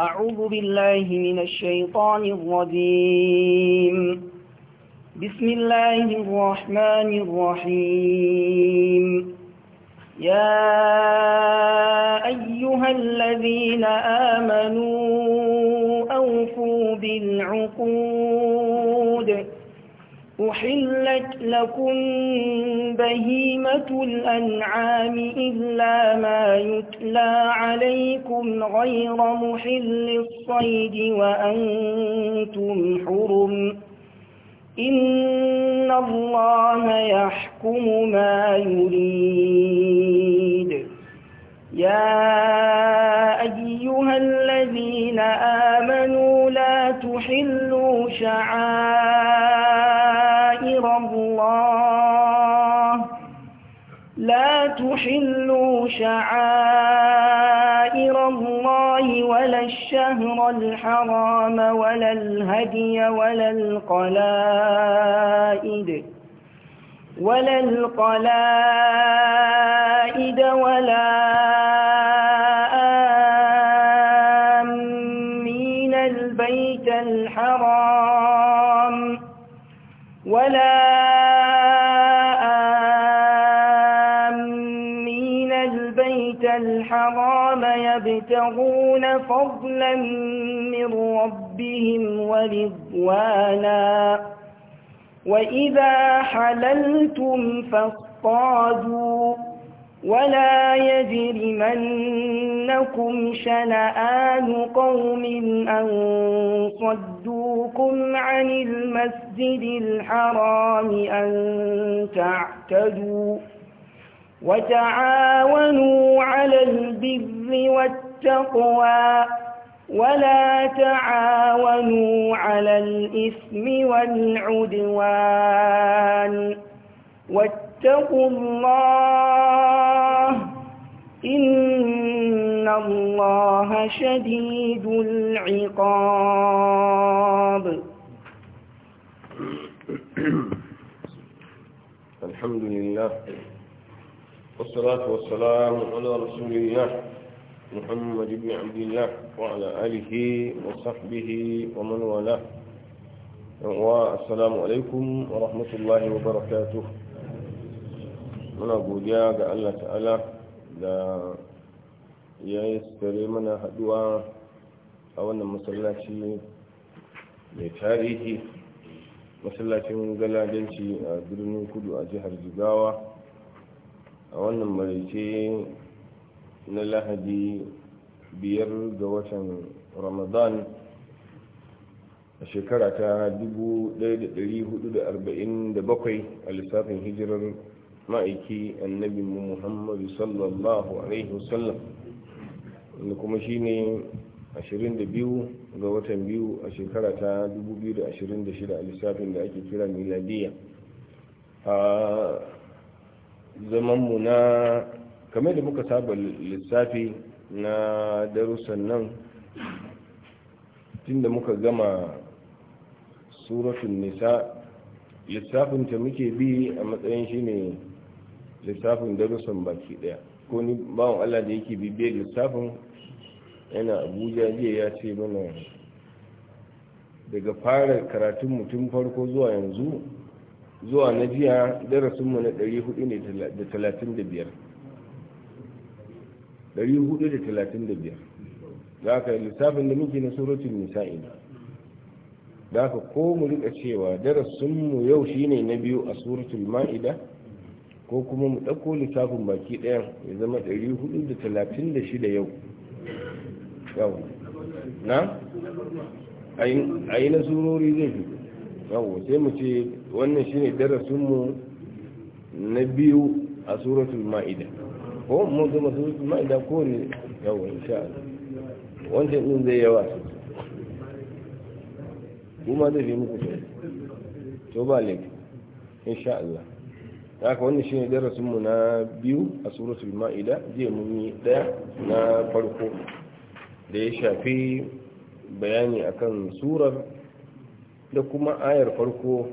أعوذ بالله من الشيطان الرجيم بسم الله الرحمن الرحيم يا أيها الذين آمنوا أوفوا بالعقود أحلت لكم بهيمة الأنعام إلا ما يتلى عليكم غير محل الصيد وأنتم حرم إن الله يحكم ما يريد يا أيها الذين آمنوا لا تحلوا شعائر تحلوا شعائر الله ولا الشهر الحرام ولا الهدي ولا القلائد ولا القلائد ولا آمين البيت الحرام ولا يبتغون فضلا من ربهم ورضوانا وإذا حللتم فاصطادوا ولا يجرمنكم شنآن قوم أن صدوكم عن المسجد الحرام أن تعتدوا وتعاونوا على البر والتقوى التقوى ولا تعاونوا على الإثم والعدوان واتقوا الله إن الله شديد العقاب الحمد لله والصلاة والسلام على رسول الله محمد بن عبد الله وعلى آله وصحبه ومن والاه والسلام wa rahmatullahi wa barakatuh muna godiya ga Allah ta'ala da ya yi mana haduwa a tarihi masallacin galadanci a birnin kudu a jihar jigawa a wannan maraice na lahadi biyar ga watan ramadan a shekara ta 1447 a lissafin hijirar ma'aiki annabi muhammadu sallallahu alaihi wasallam wanda kuma shi ne 22 ga watan biyu a shekara ta 2026 a lissafin da ake kira miladiya a zamanmu na kamar da muka saba lissafi na darussan nan tunda muka gama suratun nisa lissafin ta muke bi a matsayin shi ne lissafin darussan baki daya ko ni bawon allah da yake bibiye lissafin yana abuja jiya ya ce mana daga fara karatun mutum farko zuwa yanzu zuwa na jiya darasinmu na 435 435 za ka yi lissafin da muke na suratun nisa'i da ka ko mu rika cewa darasin mu yau shine na biyu a suratun ma'ida ko kuma mu ɗauko lissafin baki ɗaya ya zama 436 yau yau na a yi na surori zai fi yau sai mu ce wannan shine darasin mu na biyu a suratun ma'ida ko mun zama su maida ko ne yawa insha Allah wancan din zai yawa su kuma zai fi muku sai to ba ne laifi insha Allah haka wani shine darasin mu na biyu a suratul ma'ida je mun yi daya na farko da ya shafi bayani akan surar da kuma ayar farko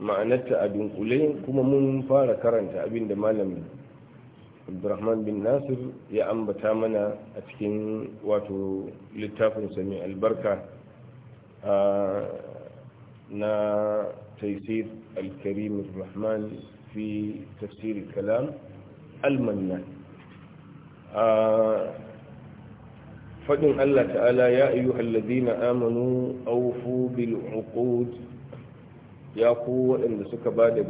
ma'anarta a dunkule kuma mun fara karanta abin da malam عبد الرحمن بن ناصر يا ام بتامنا اتكين واتو لتافن سميع البركه نا تيسير الكريم الرحمن في تفسير الكلام المنان فضل الله تعالى يا ايها الذين امنوا اوفوا بالعقود يا قوه ان سكبا ده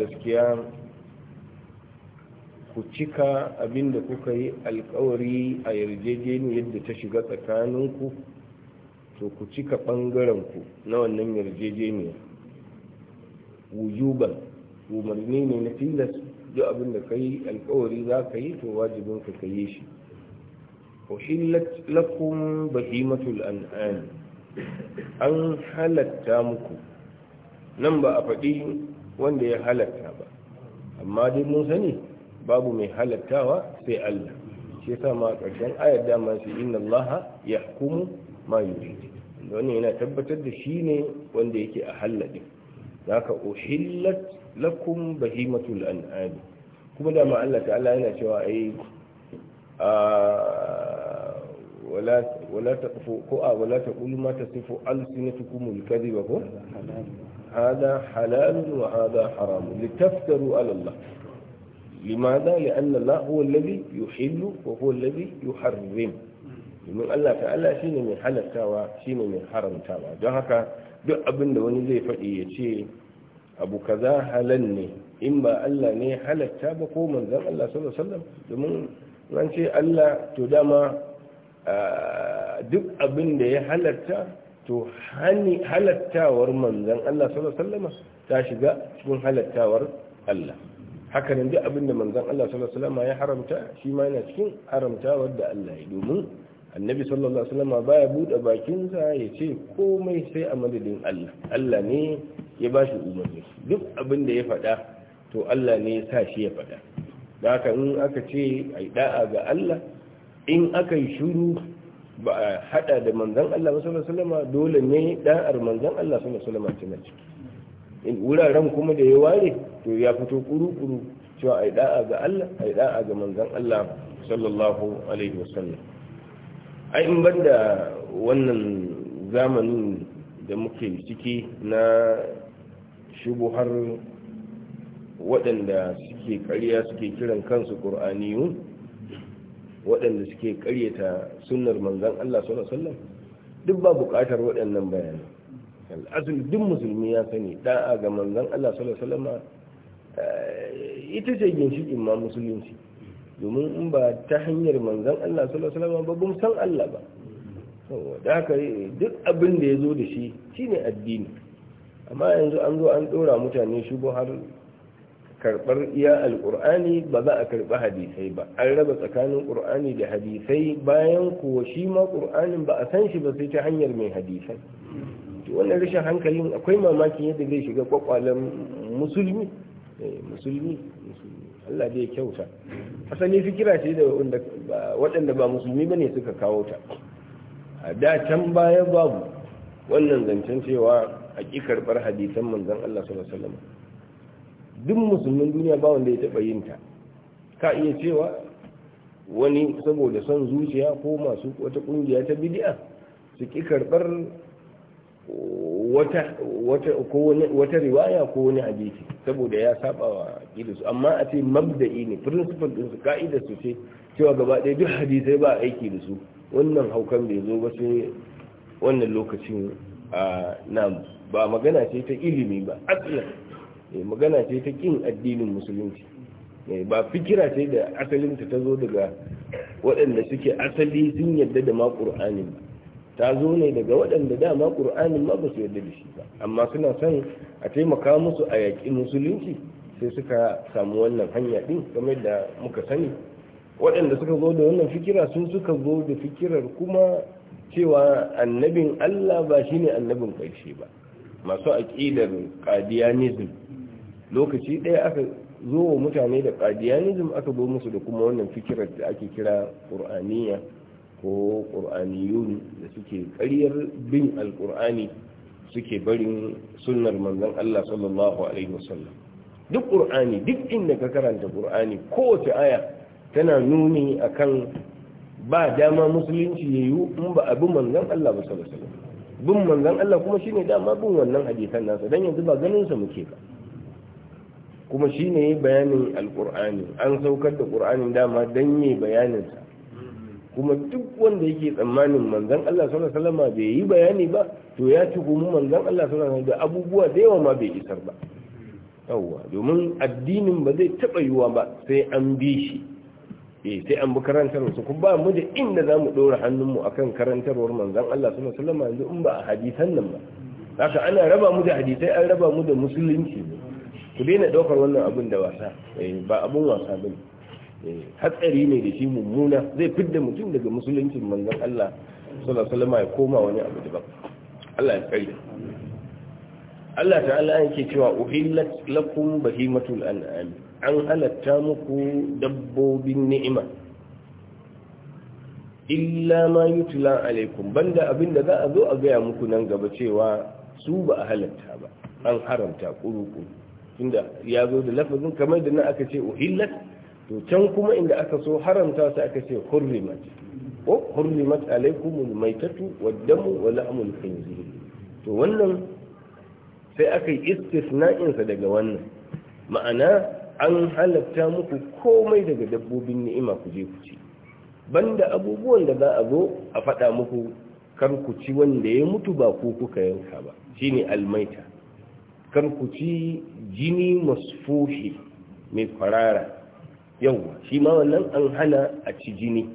ku cika abinda kuka yi alkawari a yarjejeniyar yadda ta shiga tsakaninku to ku cika ɓangarenku na wannan yarjejeniyar. wujuban umarni ne na tilas duk abin da ka yi alkawari za ka yi to wajibinka ka yi shi uhillat lakum bahimatul an'am an halatta muku nan ba a faɗi wanda ya halatta ba amma dai mun sani babu mai halattawa sai Allah shi yasa ma karshen ayar da ma sai inna ya yahkumu ma yurid wannan yana tabbatar da shi ne wanda yake a halladin zaka uhillat lakum bahimatul an'am kuma da ma Allah yana cewa ai ولا ولا تقفوا ولا تقولوا ما تصف ألسنتكم الكذب هذا حلال وهذا haramun لتفتروا على الله لماذا لأن الله هو الذي يحل وهو الذي يحرم domin Allah ta'ala shi ne mai halattawa shi ne mai haramtawa don haka duk abin wani zai faɗi ya ce abu kaza halal ne in ba Allah ne halatta ba ko manzan Allah sallallahu alaihi domin ran ce Allah to dama duk abinda ya halatta to halattawar manzan Allah sallallahu alaihi ta shiga cikin halattawar Allah haka nan duk abin da manzon Allah sallallahu alaihi wasallam ya haramta shi ma yana cikin haramta wanda Allah ya domin annabi sallallahu alaihi wasallam baya bude bakinsa ya ce komai sai a madadin Allah Allah ne ya bashi umarni duk abin da ya faɗa to Allah ne ya sa shi ya faɗa da haka in aka ce ai da'a ga Allah in aka yi shuru ba a hada da manzan Allah sallallahu alaihi wasallam dole ne da'ar manzan Allah sallallahu alaihi wasallam tana ciki wuraren kuma da ya ware to ya fito kuru-kuru cewa yi da'a ga Allah A yi da'a ga manzan Allah sallallahu alaihi wasallam ai in banda wannan zamanin da muke ciki na shubuhar waɗanda suke ƙarya suke kiran kansu ƙur'aniyun waɗanda suke ƙaryata sunnar manzan Allah sallallahu alaihi wasallam duk ba buƙatar waɗannan bayanai al'azumi duk musulmi ya sani da'a ga manzon Allah sallallahu alaihi wasallam eh, ita ce ginshikin ma musulunci domin in ba ta hanyar manzon Allah sallallahu alaihi wasallam ba bum san Allah ba da haka duk abin da ya zo da shi shine addini amma yanzu an zo an dora mutane shugo har karɓar iya alkur'ani ba za a karɓi hadisai ba an raba tsakanin ƙur'ani da hadisai bayan kuwa shi ma qur'anin ba a san shi ba sai ta hanyar mai hadisai to wannan rashin hankalin akwai mamakin yadda zai shiga kwakwalen musulmi eh, musulmi Allah zai kyauta asali fikira ce da waɗanda ba musulmi ne suka kawo ta a da can baya babu wannan zancen cewa a ƙi karɓar hadisan manzon Allah sallallahu duk musulmin duniya ba wanda ya taɓa yin ta ka iya cewa wani saboda son zuciya ko masu wata ƙungiya ta bid'a su ƙi karɓar wata riwaya ko wani hadisi saboda ya saba wa su amma a ce mabda'i ne principal din su ka'idar su ce cewa gaba ɗaya duk hadisai ba aiki da su wannan haukan bai zo ba sai wannan lokacin a ba magana ce ta ilimi ba asalin eh, magana ce ta kin addinin musulunci eh, ba fikira ce da asalinta ta zo daga waɗanda suke asali sun yadda da ma ƙur'ani ba ta zo ne daga waɗanda dama ƙur'anin ma ba su yarda da shi ba amma suna son a taimaka musu a yaƙi musulunci sai suka samu wannan hanya ɗin kamar da muka sani waɗanda suka zo da wannan fikira sun suka zo da fikirar kuma cewa annabin allah ba shi ne annabin ƙarshe ba masu aƙidar ƙadiyanism lokaci ɗaya aka zo wa mutane da ƙadiyanism aka zo musu da kuma wannan fikirar da ake kira ƙur'aniya ko ƙur'aniyun da suke ƙaryar bin alƙur'ani suke barin sunnar manzon Allah sallallahu alaihi wasallam duk ƙur'ani duk inda ka karanta ƙur'ani kowace aya tana nuni akan ba dama musulunci yayu in ba abin manzon Allah ba sallallahu alaihi wasallam bin manzon Allah kuma shine dama bin wannan hadisan nasa dan yanzu ba ganin sa muke ba kuma shine bayanin alqur'ani an saukar da qur'anin dama dan yayi bayanin sa kuma duk wanda yake tsammanin manzan Allah sallallahu alaihi wasallam bai yi bayani ba to ya ci gumu manzan Allah sallallahu alaihi wasallam abubuwa da yawa ma bai isar ba yawwa domin addinin ba zai taba yiwa ba sai an bi shi eh sai an bi karantarwar su kuma ba mu da inda mu dora mu akan karantarwar manzan Allah sallallahu alaihi wasallam yanzu in ba a hadisan nan ba haka ana raba mu da hadisai an raba mu da musulunci ku daina daukar wannan abin da wasa eh, ba abin wasa bane hatsari ne da shi mummuna zai fidda mutum daga musuluncin manzon Allah sallallahu alaihi wasallam ya koma wani abu daban Allah ya kai Allah ta'ala yake cewa uhillat lakum bahimatul an'am an halatta muku dabbobin ni'ima illa ma yutla alaikum banda abinda za a zo a gaya muku nan gaba cewa su ba a halatta ba an haramta kuruku tunda ya zo da lafazin kamar da na aka ce uhillat to can kuma inda aka so haramta su aka ce hurrimat ko hurrimat alaikumul maitatu waddamu wa la'mul khinzir to wannan sai aka yi istisna'in sa daga wannan ma'ana an halatta muku komai daga dabbobin ni'ima ku je ku ci banda abubuwan da za a zo a faɗa muku kar ku ci wanda ya mutu ba ku kuka yanka ba shine almaita kar ku ci jini masfuhi mai kwarara yau shi ma wannan an hana a ci jini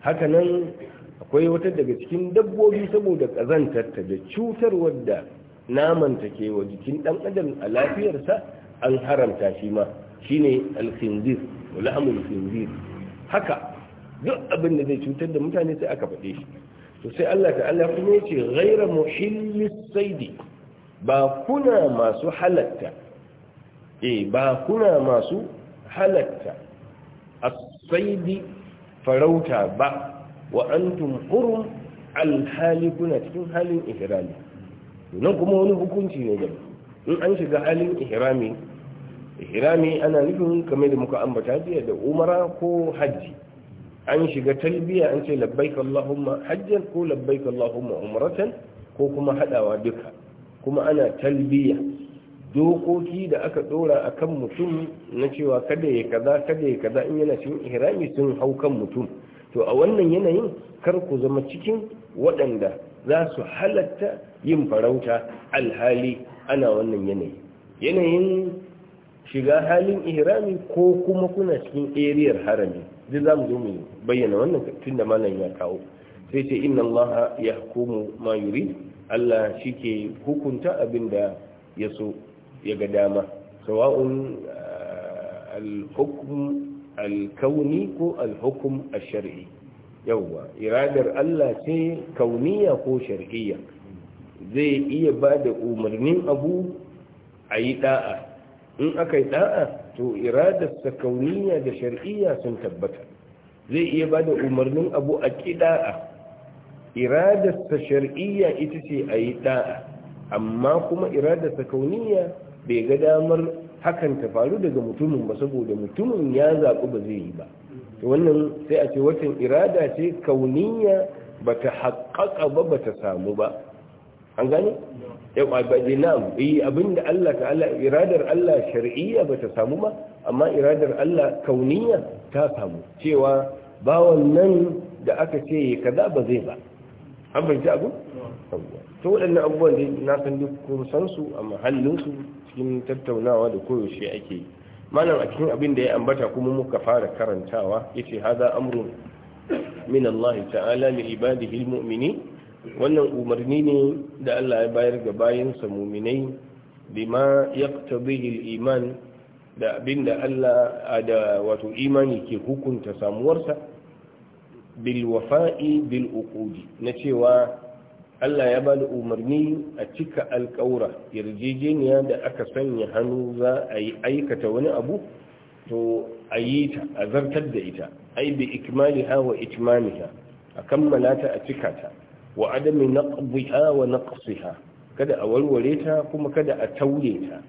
haka nan akwai wata daga cikin dabbobi saboda ƙazantarta da cutar wadda namanta ke wa jikin ɗan adam a lafiyarsa an haramta shi ma shi ne alkhinzir la'amul khinzir haka duk abin da zai cutar da mutane sai aka faɗe shi to sai Allah ta'ala kuma ya ce ghaira muhillis saidi ba kuna masu halatta eh ba kuna masu halatta saidi farauta ba wa antum hurum alhali kuna cikin halin ihrami nan kuma wani hukunci ne da in an shiga halin Ihirami, ihrami ana nufin kamar da muka ambata jiya da umara ko hajji an shiga talbiya an ce labbaik allahumma hajjan ko labbaik allahumma umratan ko kuma hadawa duka kuma ana talbiya dokoki da aka dora a kan mutum na cewa kada ya kaza kada ya kaza in yana cikin ihrami sun hau kan mutum to a wannan yanayin kar ku zama cikin waɗanda za su halatta yin farauta alhali ana wannan yanayi yanayin shiga halin ihrami ko kuma kuna cikin eriyar harami duk za mu zo mu bayyana wannan tun da malam ya kawo sai ce inna allaha yahkumu ma yuri Allah shike hukunta abin da ya so ya ga dama sawa'un eh, al-hukm al-kauni ko al-hukm al-shar'i yawwa iradar Allah ce kauniya ko shar'iyya zai iya bada umarnin abu a yi da'a in aka yi da'a to iradarsa kauniya da shar'iyya sun tabbata zai iya bada umarnin abu a ƙi da'a iradarsa shar'iyya ita ce a yi da'a amma kuma iradarsa kauniya bai ga damar hakan ta faru daga mutumin ba saboda mutumin ya zaɓi ba zai yi ba to wannan sai a ce watan irada ce kauniya ba ta haƙaƙa ba ba ta samu ba an gane? yau abadi na yi eh, da Allah Allah, iradar Allah shar'iyya ba ta samu ba amma iradar Allah kauniya ta samu cewa bawan nan da aka ce yi kaza ba zai ba an fahimci abu? to waɗannan abubuwan da na san duk kun san su a mahallinsu cikin tattaunawa da koyaushe ake yi malam a cikin abin da ya ambata kuma muka fara karantawa yace haza amru min Allah ta'ala li ibadihi almu'mini wannan umarni ne da Allah ya bayar ga bayansa mu'minai bima yaqtadihi aliman da abin da Allah da wato imani ke hukunta samuwarsa bil wafa'i bil uqudi na cewa Allah ya bada umarni a cika alƙaura yarjejeniya da aka sanya hannu za a yi aikata wani abu to a yi ta a zartar da ita ai bi ikmaliha wa itmamiha a kammala ta a cika ta wa adami naqdiha wa naqsiha kada a warware ta kuma kada a taure ta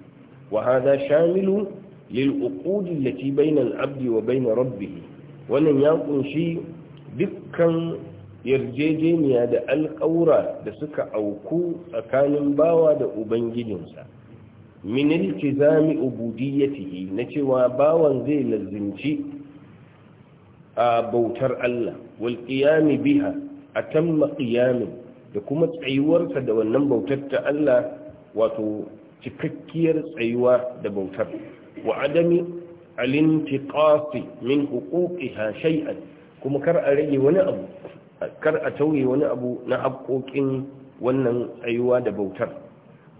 wa shamilu lil uqud allati bayna abdi wa bayna rabbihi wannan ya kunshi dukkan yarjejeniya da alƙaura da suka auku tsakanin bawa da ubangijinsa min iltizami ubudiyyatihi na cewa bawan zai lazimci a bautar Allah wal qiyami biha atamma qiyamin da kuma tsayuwarsa da wannan bautar ta Allah wato cikakkiyar tsayuwa da bautar wa adami alintiqasi min huquqiha shay'an kuma kar a rage wani abu kar a tauye wani abu na haƙoƙin wannan tsayuwa da bautar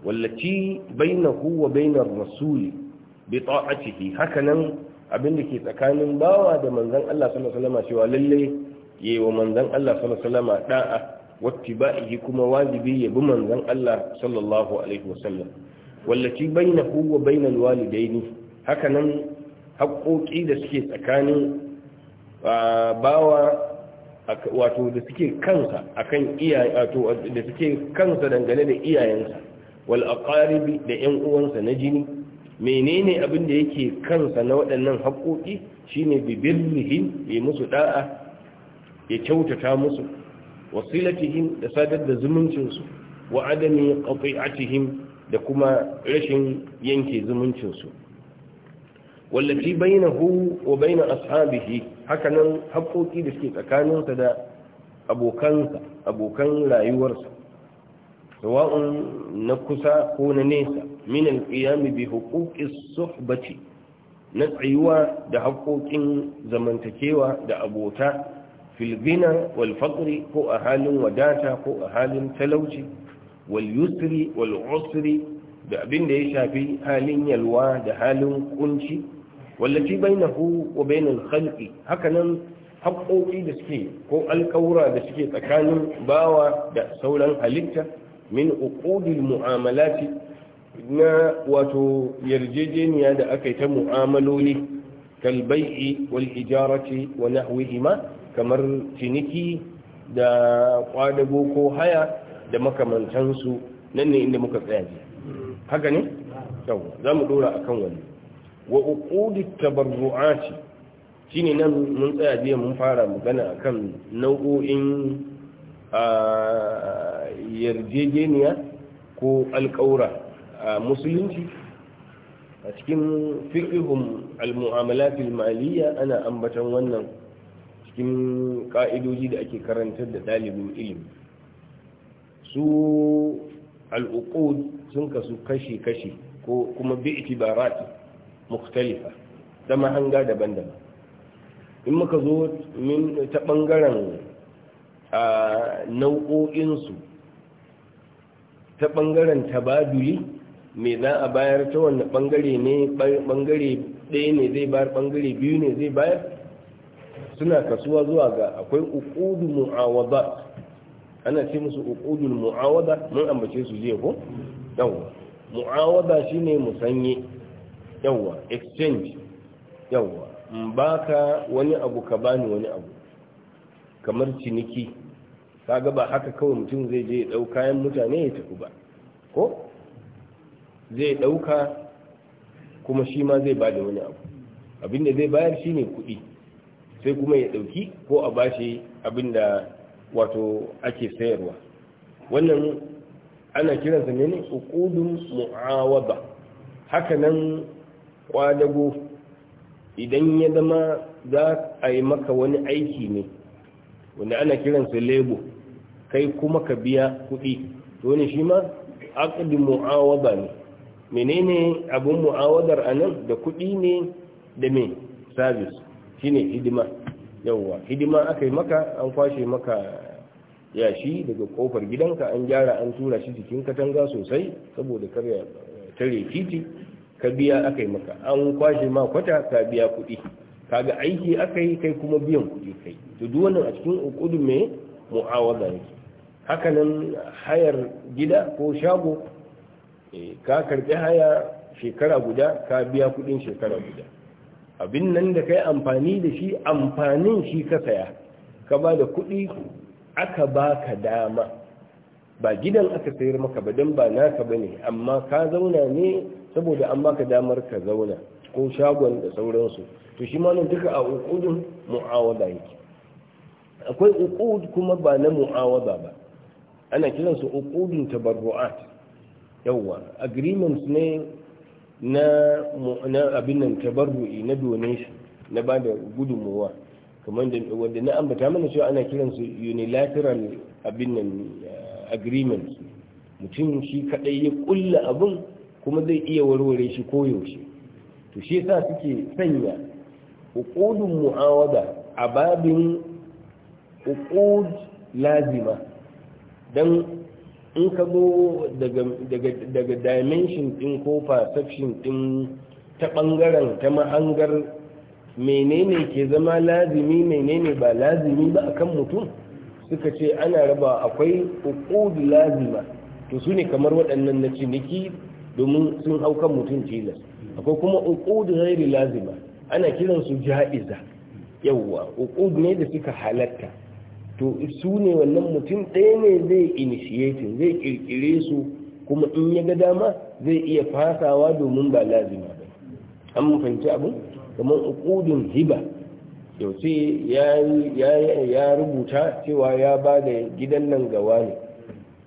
wallaci bainahu wa bainar rasuli a ciki. hakanan abin da ke tsakanin bawa da manzan Allah sallallahu alaihi wasallam cewa lalle yayi wa manzan Allah sallallahu alaihi wasallam da'a wattiba'ihi kuma wajibi ya bi manzan Allah sallallahu alaihi wasallam wallaci bainahu wa bainal walidaini hakanan haƙoƙi da suke tsakanin ah, bawa wato da suke kansa akan iyaye wato da suke kansa dangane da iyayensa wal aqaribi da ƴan uwansa na jini menene abin da yake kansa na waɗannan haƙoƙi shine birrihim ya musu da'a ya kyautata musu wasilatihim da sadar da zumuncin su wa adami qati'atihim da kuma rashin yanke zumuncin su wallati bainahu wa bain ashabihi hakanan haƙoƙi da suke tsakaninsa da abokansa abokan rayuwarsa sawa'un na kusa ko na nesa minan alqiyami bi su suhbati na tsayuwa da haƙoƙin zamantakewa da abota fil ghina ko a halin wadata ko a halin talauci wal yusri da abin da ya shafi halin yalwa da halin kunci wallafi bainahu wa bainal khalqi hakanan haƙoƙi da suke ko alƙawura da suke tsakanin bawa da sauran halitta min uqudil mu'amalati na wato yarjejeniya da aka yi ta mu'amaloli kalbai'i wal ijarati wa nahwihima kamar ciniki da kwadago ko haya da makamantansu nan ne inda muka tsaya haka ne? yau za mu dora akan wani wa uqudi tabarru'ati shine nan mun tsaya jiya mun fara magana akan nau'o'in yarjejeniya ko alƙaura a musulunci a cikin fiqhum al-mu'amalat maliyya ana ambatan wannan cikin ka'idoji da ake karantar da dalibin ilimi su al sun kasu kashi-kashi ko kuma bi itibarati mukhtalifa da mahanga daban-daban in muka zo ta ɓangaren nau'o'insu ta ɓangaren tabaduli mai za a bayar ta wanne ɓangare ne ɓangare ɗaya ne zai bayar ɓangare biyu ne zai bayar suna kasuwa zuwa ga akwai uƙudu mu'awada ana ce musu uƙudul mu'awada mun ambace su je ko mu'awada shine musanye yawwa exchange yawwa baka wani abu ka bani wani abu kamar ciniki kaga ba haka kawai mutum zai je ɗau kayan mutane ya tafi ba ko zai ɗauka kuma shi ma zai bada wani abu abinda zai bayar shi ne kuɗi sai kuma ya ɗauki ko a bashi abinda wato ake sayarwa wannan ana kiransa ne ne uqudun ba. haka nan kwadago idan ya zama za a yi maka wani aiki ne wanda ana kiransa lebo kai kuma ka biya kuɗi ne shi ma aqdi mu'awada ne menene abin mu'awadar a nan da kuɗi ne da mai sabis Shi ne hidima yawwa hidima aka yi maka an kwashe maka yashi daga kofar gidanka an gyara an tura shi jikin katanga sosai saboda karya tare titi ka biya aka yi maka an kwashe ma kwata ka biya kuɗi Ka ga aiki aka yi kai kuma biyan kuɗi kai to duk wannan a cikin ukudu mai mu'awaza yake haka nan hayar gida ko shago eh, ka karbi haya shekara guda ka biya kuɗin shekara guda abin nan da kai amfani da shi amfanin shi ka saya ka ba da kuɗi aka ba ka dama ba gidan aka sayar maka ba don ba naka ba ne amma ka zauna ne saboda an baka damar ka zauna ko shagon da sauransu to shi ma nan duka a uqudun mu'awada yake akwai uqud kuma ba na mu'awada ba ana kiran su uqudun tabarru'at yawa agreements ne na abin nan tabarru'i na donation na ba da gudunmuwa kamar da wanda na ambata mana cewa ana kiran su unilateral abin nan eh, agreements mutum shi kadai ya kulla abin kuma zai iya warware shi koyaushe to shi yasa suke sanya uqudun mu'awada a babin uqud lazima dan in ka zo daga daga daga dimension din ko perception din ta bangaren ta mahangar menene ke zama lazimi menene ba lazimi ba akan mutum suka ce ana raba akwai uqud lazima to su ne kamar waɗannan na ciniki domin sun hau kan mutum tilas akwai kuma uqudu ghairi lazima ana kiran su ja'iza yawwa uqud ne da suka halatta to su ne wannan mutum ɗaya ne zai initiating zai kirkire su kuma in ya ga dama zai iya fasawa domin ba lazima ba an fahimci abin kamar uqudun hiba yau ce ya rubuta cewa ya ba da gidan nan gawa ne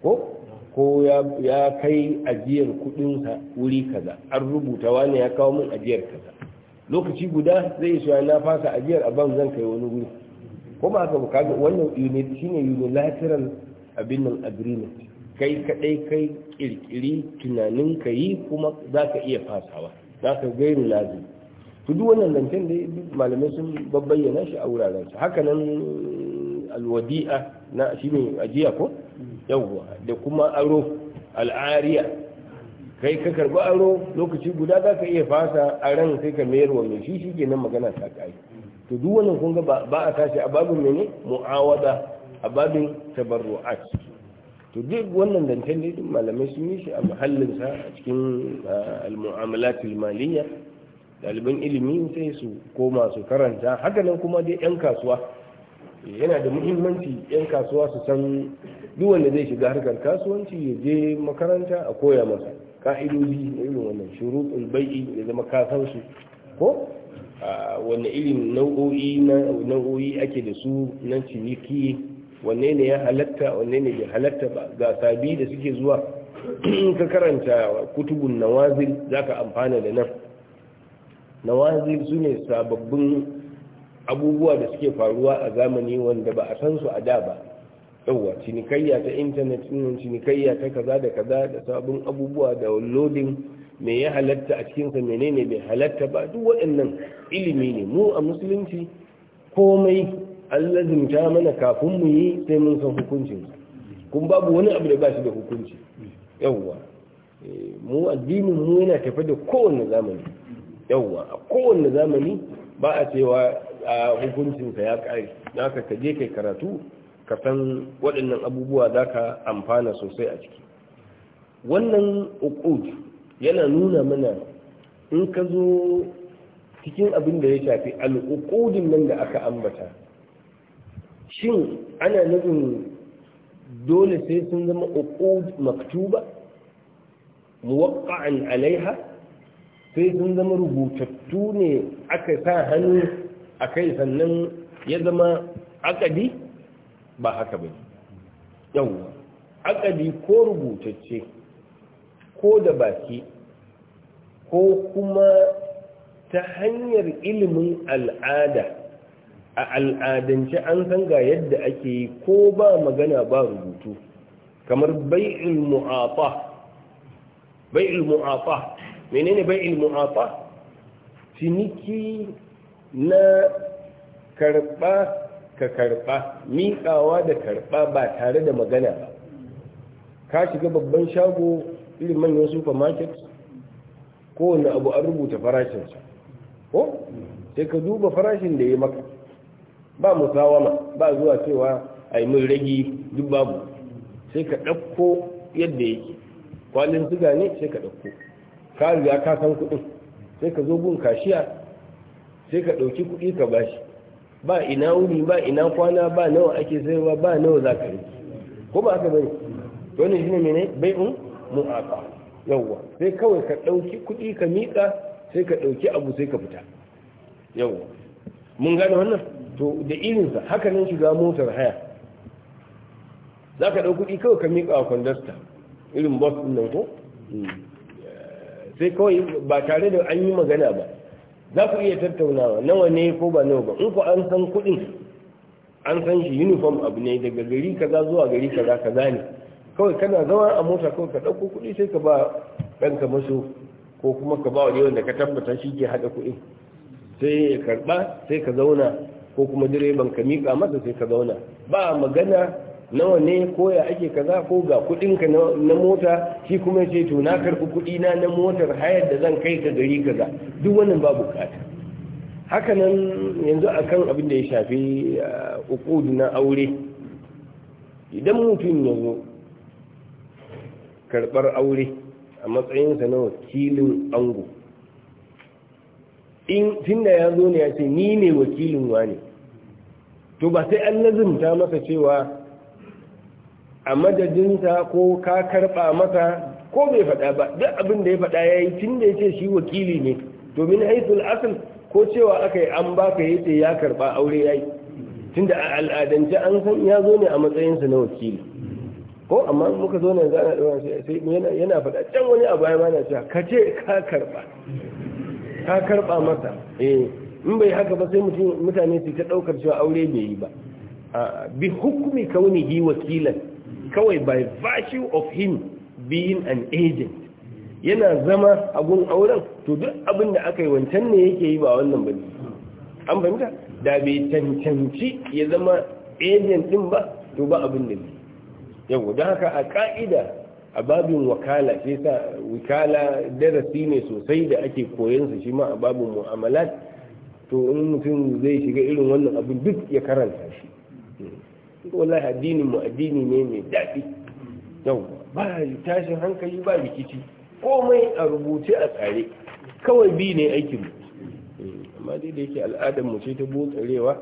ko ko ya kai ajiyar kudinsa wuri kaza an rubuta wani ya kawo min ajiyar kaza lokaci guda zai shi na fasa ajiyar a ban zan kai wani wuri ko ba ka wannan unit shine unilateral abin nan agreement kai kadai kai kirkiri tunanin ka yi kuma za ka iya fasawa za ka gairu lazim to duk wannan zancen da malamai sun babbayyana shi a wuraren su haka nan alwadi'a na shine ajiya ko yawwa da kuma aro al'ariya kai ka karbi aro lokaci guda za ka iya fasa a ran sai ka mayarwa mai shi shi kenan magana ta kai to duk wannan kun ga ba a tashi a babin mene mu'awada a babin tabarru'at to duk wannan dantan ne dai malamai sun yi shi a muhallin sa a cikin al-mu'amalat al-maliyya ɗaliban ilimi sai su koma su karanta haka nan kuma dai yan kasuwa yana da muhimmanci 'yan kasuwa su san duk wanda zai shiga harkar kasuwanci ya je makaranta a koya masa ka'idoji na irin wannan shuruɗin bai'i ya zama kasar su ko wanne irin nau'o'i nau'o'i ake da su na ciniki wanne ne ya halatta wanne ne ya halatta ba ga sabi da suke zuwa ka karanta kutubun nawazil zaka amfana da nan nawazil su ne sababbin abubuwa da suke faruwa a zamani wanda ba a san su a da ba yauwa cinikayya ta intanet ɗin cinikayya ta kaza da kaza da sabon abubuwa da loading me ya halatta a cikinsa menene bai halatta ba duk waɗannan ilimi ne mu a musulunci komai an lazimta mana kafin mu yi sai mun san hukuncin kun babu wani abu da ba shi da hukunci yauwa eh, mu addinin mu yana tafi da kowane zamani yauwa a kowane zamani ba a cewa hukuncinsa ya kare naka ka je kai karatu ka san waɗannan abubuwa za ka amfana sosai a ciki wannan uqud yana nuna mana in ka zo cikin abin da ya shafi al'ukudin nan da aka ambata shin ana nufin dole sai sun zama uƙud maktuba muwaƙa'an alaiha sai sun zama rubutattu ne aka sa hannu a kai sannan ya zama akadi ba haka ba yau akadi ko rubutacce ko da baki ko kuma ta hanyar ilimin al'ada a al'adance an san ga yadda ake yi ko ba magana ba rubutu kamar bai'il mu'afa bai'il mu'afa menene bai'il mu'afa ciniki na karɓa ka karɓa miƙawa da karɓa ba tare da magana ba ka shiga babban shago irin manyan supermarket kowane abu an rubuta farashinsa ko sai ka duba farashin da ya maka ba musawama ba zuwa cewa a yi min ragi duk babu sai ka ɗauko yadda yake kwalin suga ne sai ka ɗauko ka riga ka san kuɗin sai ka zo gun kashiya sai ka ɗauki kuɗi ka bashi ba ina wuni ba ina kwana ba nawa ake sayarwa ba nawa za ka yi ko ba aka bane to ne shine mene mu aka yawwa sai kawai ka ɗauki kuɗi ka miƙa sai ka ɗauki abu sai ka fita yawwa mun gane wannan to da irinsa haka nan shiga motar haya za ka ɗau kuɗi kawai ka miƙa wa kwandasta irin bus ɗin nan ko hmm. eh, sai kawai ba tare da an yi magana ba za ku iya tattaunawa nawa ne ko ba nawa ba in ku an san kuɗin an san shi uniform abu ne daga gari kaza zuwa gari kaza kaza ne kawai kana zama a mota kawai ka ɗauko kuɗi sai ka ba ɗanka maso ko kuma ka ba wani wanda ka tabbata shi ke haɗa kuɗi sai ya karɓa sai ka zauna ko kuma direban ka mika masa sai ka zauna ba magana nawa ne koya ake kaza ko ga kudinka na mota shi kuma ce to na karbi kudi na na motar hayar da zan kai ka gari kaza duk wannan ba bukata haka nan yanzu akan abin da ya shafi ukudu uh, na aure idan mutum ya zo karbar aure a matsayinsa na wakilin ango in tunda ya zo ne ya ce ni ne wakilin wani to ba sai an lazimta masa cewa a madadinsa ko ka karɓa masa ko bai faɗa ba duk abin da ya faɗa ya yi tun da ya ce shi wakili ne domin haithul asal ko cewa aka yi an baka ya yi ya karɓa aure ya yi tun da al'adance an san ya zo ne a matsayinsa na wakili ko amma muka zo ne zana yana faɗa can wani abu ya mana cewa ka ce ka karba ka karba masa eh, in bai haka ba sai mutane su ta ɗaukar cewa aure bai yi ba bi hukumi kaunihi wakilan kawai by virtue of him being an agent yana zama abun auren to duk abin da aka yi wancan ne yake yi ba wannan ba an fahimta da bai cancanci ya zama agent din ba to ba abin da ne yau don haka a ka'ida a babin wakala shi sa wakala darasi ne sosai da ake koyon su shi ma a babin mu'amalat to in mutum zai shiga irin wannan abin duk ya karanta shi wallahi addinin mu addini ne mai daɗi yau ba tashin hankali ba rikici komai a rubuce a tsare kawai bi ne aikin mu eh, amma dai da yake al'adar mu ce ta botsarewa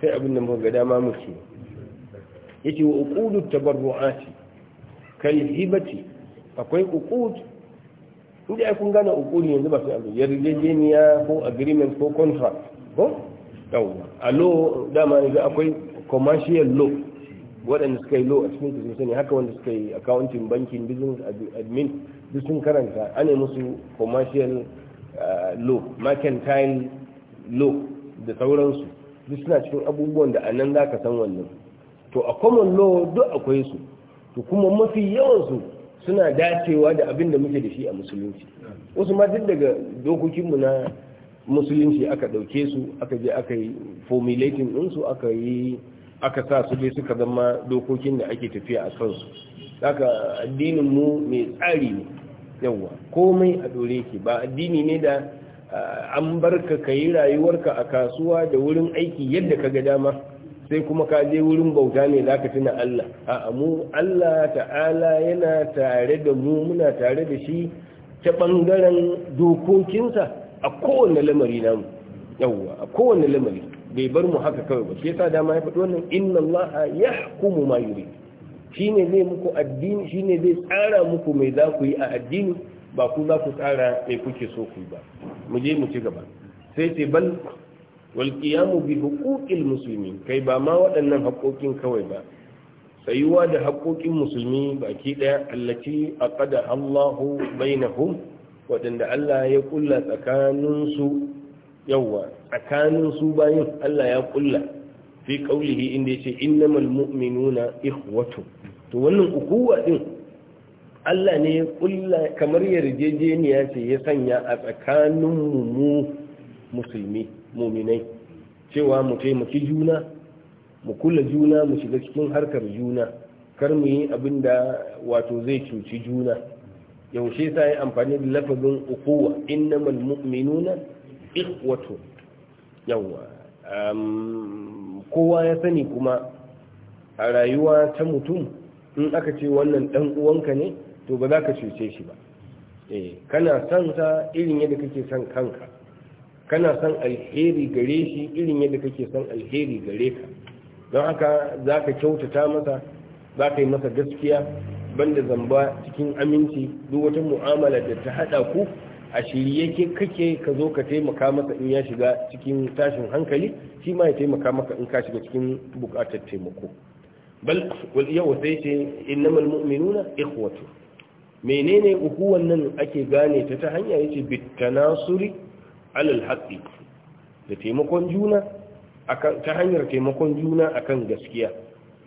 sai abin da muka ga dama muke yake wa uqudu tabarru'ati kal hibati akwai uqud inda ai kun gana uqud yanzu ba sai abu yarjejeniya ko agreement ko contract ko Yau a law dama ne akwai commercial law waɗanda suka yi law a cikin su sani haka wanda suka yi accounting banking business admin duk sun karanta ana musu commercial uh, law mercantile law da sauransu duk suna cikin abubuwan da anan za ka san wannan to a common law duk akwai su to kuma mafi su suna dacewa da abin da muke da shi a musulunci wasu ma duk daga dokokinmu na musulunci aka ɗauke su aka je aka yi formulating ɗinsu aka yi aka sa su dai suka zama dokokin da ake tafiya a kansu haka addinin mai tsari ne yawa komai a dore ki ba addini ne da ah, an barka yi rayuwarka a kasuwa da wurin aiki yadda ka ga dama sai kuma ka je wurin bauta ne zaka tuna Allah a mu Allah ta'ala yana tare da mu muna tare da shi ta ɓangaren dokokinsa a kowane lamari namu yawa a kowane lamari bai bar mu haka kawai ba shi yasa dama ya faɗi wannan inna ya yahkumu ma yuri shine zai muku addini shine zai tsara muku mai za ku yi a addini ba ku za ku tsara mai kuke so ku ba mu je mu ci gaba sai ce bal wal qiyamu bi huquqil muslimin kai ba ma waɗannan haƙoƙin kawai ba tsayuwa da haƙoƙin musulmi baki ɗaya allati aqada Allahu bainahum waɗanda Allah ya ƙulla tsakaninsu yawwa tsakanin su bayan Allah ya kulla fi kaulihi inda yace innamal mu'minuna ikhwatu to wannan ukuwa din Allah ne ya kulla kamar yarjejeniya ce ya sanya a tsakanin mu musulmi mu'minai cewa mu taimaki juna mu kula juna mu shiga cikin harkar juna kar mu yi abin wato zai cuci juna yaushe sai amfani da lafazin ukuwa innamal mu'minuna ikhwatu yawa kowa ya sani kuma a rayuwa ta mutum in aka ce wannan dan uwanka ne to ba za ka cuce shi ba eh kana san sa irin yadda kake son kanka kana son alheri gare shi irin yadda kake son alheri gare ka don haka za ka kyautata masa za ka yi masa gaskiya banda zamba cikin aminci duk wata mu'amala da ta haɗa ku a shirye yake kake ka zo ka taimaka maka in ya shiga cikin tashin hankali shi ma ya taimaka maka in ka shiga cikin bukatar taimako bal wal yau sai ce innamal mu'minuna ikhwatu menene ukuwan nan ake gane ta ta hanya yace bitanasuri alal haqqi da taimakon juna akan ta hanyar taimakon juna akan gaskiya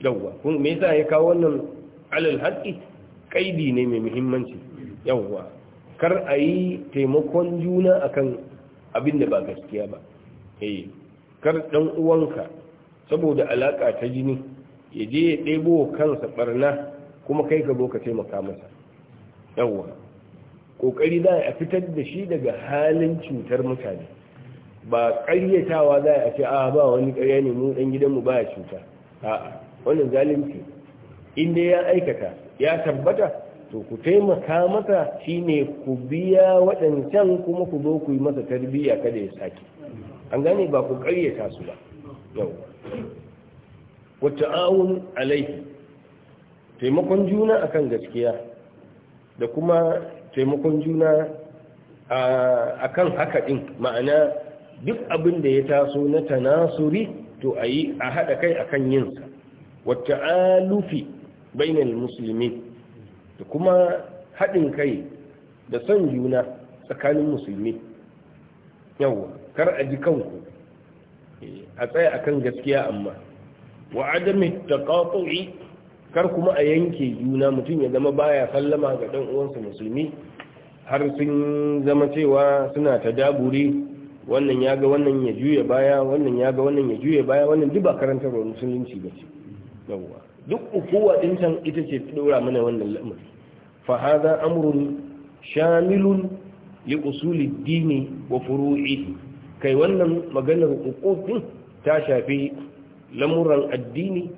yawwa kun me yasa ya kawo wannan alal haqqi kaidi ne mai muhimmanci yawwa kar a yi taimakon juna a kan abin da ba gaskiya ba eh kar ɗan uwanka saboda alaƙa ta jini ya je ya ɗebo kansa ɓarna, kuma kai ka zo ka taimaka masa yawwa Ƙoƙari za a fitar da shi daga halin cutar mutane ba ƙaryatawa za a ce a ba wani ƙarya ne mu ɗan gidanmu ba ya cuta a'a wannan zalunci inda ya aikata ya tabbata to ku taimaka mata shine ku biya waɗancan kuma ku zo ku yi masa tarbiyya kada ya sake an gane ba ku ƙaryata su ba yau wata awun alaihi taimakon juna akan gaskiya da kuma taimakon juna akan haka ɗin ma'ana duk abin da ya taso na tanasuri to a yi a haɗa kai akan yinsa wata alufi bainal musulmi da kuma haɗin kai da son juna tsakanin musulmi yawwa kar a ji kanku eh, a tsaya kan gaskiya amma wa adami ƙafo'i kar kuma a yanke juna mutum ya zama baya sallama ga ɗan uwansa musulmi har sun zama cewa suna ta daburi wannan ya ga wannan ya juya baya wannan ya ga wannan ya juya baya wannan duk ba karantarwar musulunci ba ce yawwa duk ukuwa ɗin can ita ce ta ɗora mana wannan lamari fa hadha amrun shamilun li usuli dini wa furu'i kai wannan maganar uquqin ta shafi lamuran addini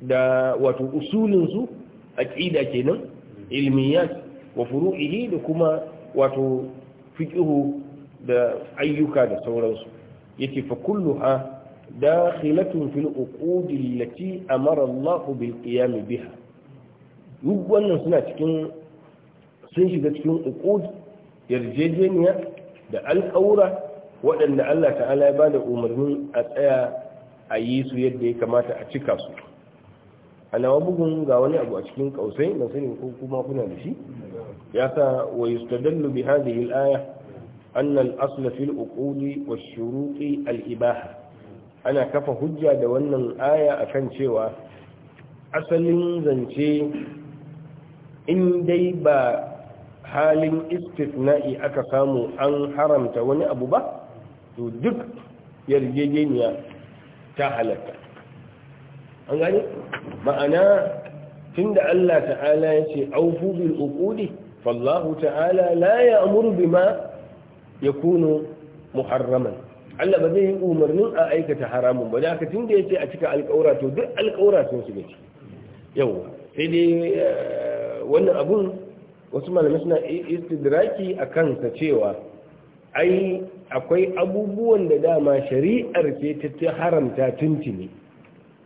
da wato usulin su aqida kenan ilmiyat wa furu'ihi da kuma wato fiqhu da ayyuka da sauransu yace fa kulluha dakhilatun fil uqud allati amara Allah bil qiyam biha duk wannan suna cikin sun shiga cikin uqud yarjejeniya da alƙawura waɗanda Allah ta'ala ya bada umarnin a tsaya a yi su yadda ya kamata a cika su alawa bugun ga wani abu a cikin kausai na sani ko kuma kuna da shi ya sa wa yustadallu bi hadhihi al-aya anna al-asl fi al-uqud wa ash-shurut al-ibaha ana kafa hujja da wannan aya akan cewa asalin zance in dai ba halin istisna'i aka samu an haramta wani abu ba to duk yarjejeniya ta halatta an gani ma'ana da Allah ta'ala ya ce aufu bil fallahu ta'ala la ya'muru bima yakunu muharraman Allah ba zai yi umarnin a aikata haramun ba da haka da ya ce a cika alƙawura to duk alƙawura sun shiga ciki Yau sai dai eh, wannan abun wasu malamai suna istidraki a kansa cewa ai akwai abubuwan da dama shari'ar ce ta haramta tuntuni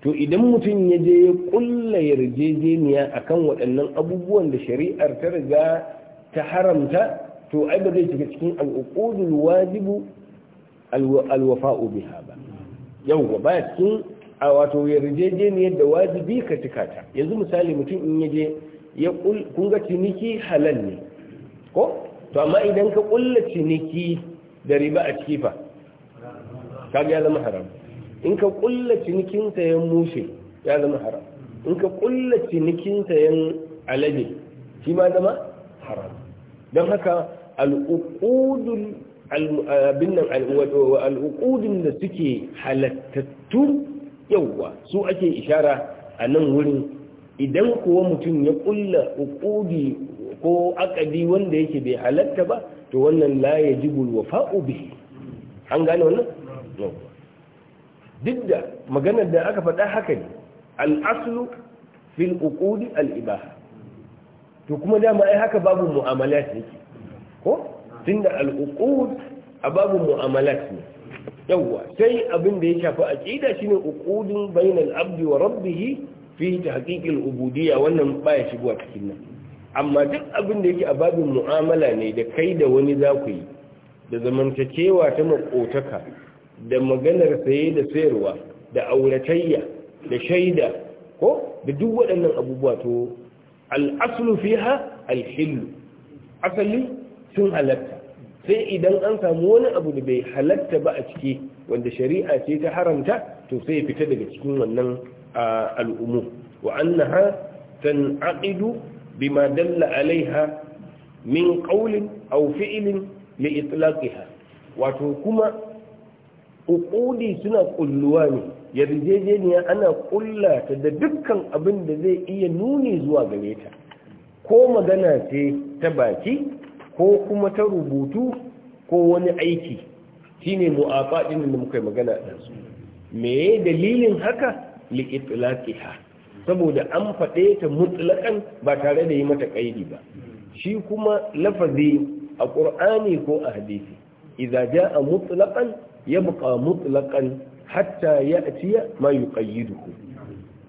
to idan mutum ya je ya kulla yarjejeniya akan waɗannan abubuwan da shari'ar ta riga ta haramta to ai ba zai shiga cikin al'uqudul wajibu alwafa'u biha ba Yau ba cikin a wato yarjejeniyar da wajibi ka cika ta yanzu misali mutum in ya je ya kunga ciniki halal ne ko to amma idan ka kulla ciniki da riba a ciki fa kaga ya zama haram in ka kulla cinikin yan mushe ya zama haram in ka kulla cinikin yan alade shi ma zama haram don haka al'uqudul abin al'uqudin da suke halattattu yawa su ake ishara a nan wurin idan kuwa mutum ya kulla uqudi ko akadi wanda yake bai halatta ba to wannan la ya wa wafa'u bihi an gane wannan duk da maganar da aka faɗa haka ne al'aslu fil uqudi al ibaha to kuma dama ai haka babu mu'amalat yake ko tunda al uqud a babu mu'amalat ne yawwa sai abin da ya shafi aqida shine uqudun bainal abdi wa rabbihi Fita haƙiƙin ubudiyya wannan baya shigowa cikin nan amma duk abin da yake a babin mu'amala ne da kai da wani za ku yi da zamantakewa ta makotaka da maganar saye da sayarwa da auratayya da shaida ko da duk waɗannan abubuwa to al'aslu fiha alhillu asali sun halatta sai idan an samu wani abu da bai halatta ba a ciki wanda shari'a ce ta haramta to sai fita daga cikin wannan al'umu wa annaha tan'aqidu bima dalla alaiha min ƙaunin aw fi'lin li itlaqiha wato kuma uqudi suna ƙulluwa ne yarjejeniya ana ƙullata ta da dukkan abin da zai iya nuni zuwa gare ta ko magana ce ta baki ko kuma ta rubutu ko wani aiki shine mu'afa din da muka yi magana a su me dalilin haka li saboda an faɗe ta mutlaƙan ba tare da yi mata ƙaidi ba shi kuma lafazi a ƙur'ani ko a hadisi idza jaa mutlaqan yabqa mutlaqan hatta ya'tiya ma yuqayyiduhu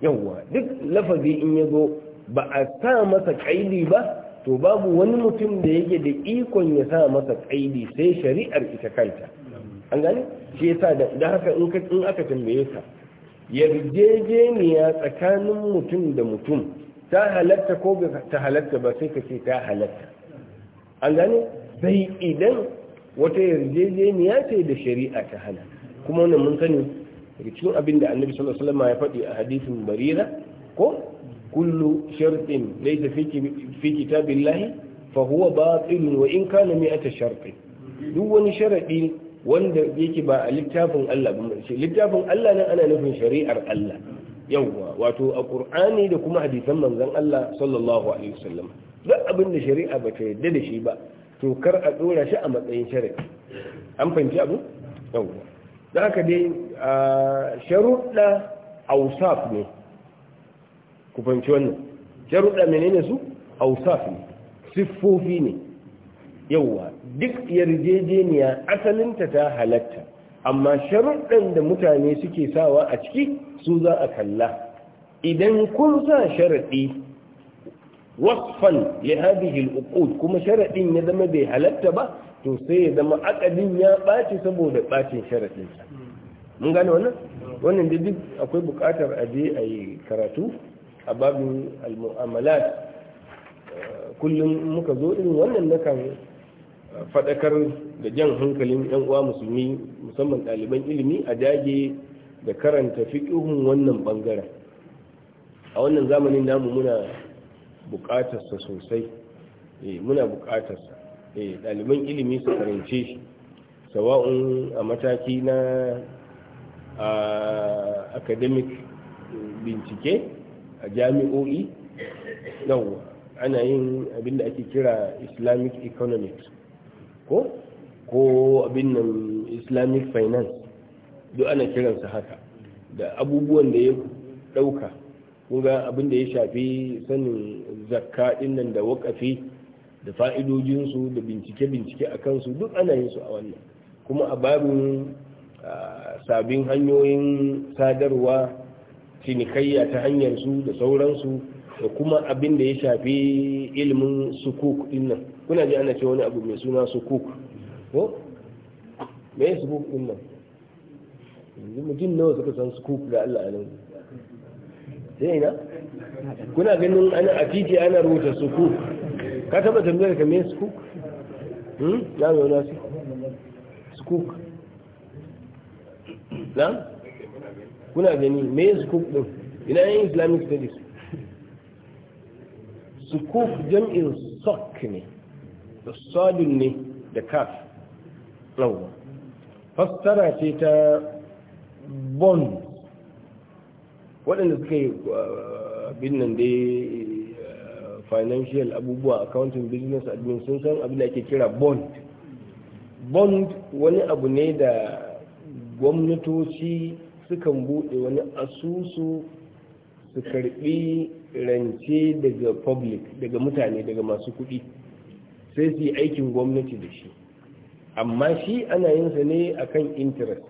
yawa duk lafazi in yazo ba a sa masa ƙaidi ba to babu wani mutum da yake da ikon ya sa masa ƙaidi sai shari'ar ita kanta an gane shi yasa da haka in aka tambaye ka yarjejeniya tsakanin mutum da mutum ta halatta ko ba ta halatta ba sai ka ce ta halatta an gane sai idan wata yarjejeniya ce da shari'a ta hana kuma wannan mun sani daga cikin abin da annabi sallallahu alaihi wasallam ya faɗi a hadisin barira ko kullu shartin laysa fi kitabillahi fa huwa batil wa in kana mi'ata shartin duk wani sharadi wanda yake ba a littafin Allah ba shi littafin Allah nan ana nufin shari'ar Allah yawwa wato a Qur'ani da kuma hadisan manzon Allah sallallahu alaihi wasallam duk abin da shari'a ba ta yadda da shi ba to kar a dora shi a matsayin shari'a an fahimci abu yawwa da haka dai sharuɗa Ausaf ne ku fahimci wannan sharuɗa menene su Ausaf ne siffofi ne yawwa duk yarjejeniya asalinta ta halatta amma sharuɗan da mutane suke sawa a ciki su za a kalla idan kun sa sharaɗi wasfan ya haɗe al kuma sharaɗin ya zama bai halatta ba to sai ya zama akadin ya ɓace saboda ɓacin sharaɗin sa mun gane wannan wannan da duk akwai buƙatar a je a yi karatu a babin al kullum muka zo irin wannan na kan faɗakar da jan hankalin 'yan uwa musulmi musamman ɗaliban ilimi a dage da karanta fiƙihun wannan ɓangaren a wannan zamanin namu muna buƙatarsa sosai eh, muna buƙatarsa eh, ɗaliban ilimi su karance shi sawa'un a mataki na academic bincike a jami'o'i yau ana yin abinda ake kira islamic economics ko ko abin islamic finance duk ana kiransa haka da abubuwan da ya ɗauka kunga abin da ya shafi sanin zakka dinnan da wakafi da fa'idojinsu da bincike-bincike a kansu duk ana yin su a wannan kuma a babin sabin hanyoyin sadarwa cinikayya ta hanyar su da sauransu da kuma abin da ya shafi ilimin sukuk din nan kuna ji ana ce wani abu mai suna sukuk ko me ya sukuk din nan mutum nawa suka san sukuk da Allah alim sai na kuna ganin ana a titi ana rubuta sukuk ka taba tambayar ka me sukuk hmm na me wani sukuk na kuna gani me sukuk din ina yin islamic studies sukuf jam'in sok ne da sadun ne da kaf ɗauwa fassara ce ta bon waɗanda suka yi eh, abin nan dai eh, financial abubuwa accounting business admin sun san abin da ake kira bond bond wani abu ne da gwamnatoci sukan buɗe wani asusu su karɓi rance daga public daga mutane daga masu kuɗi sai su yi aikin gwamnati da shi amma shi ana yin sa ne akan interest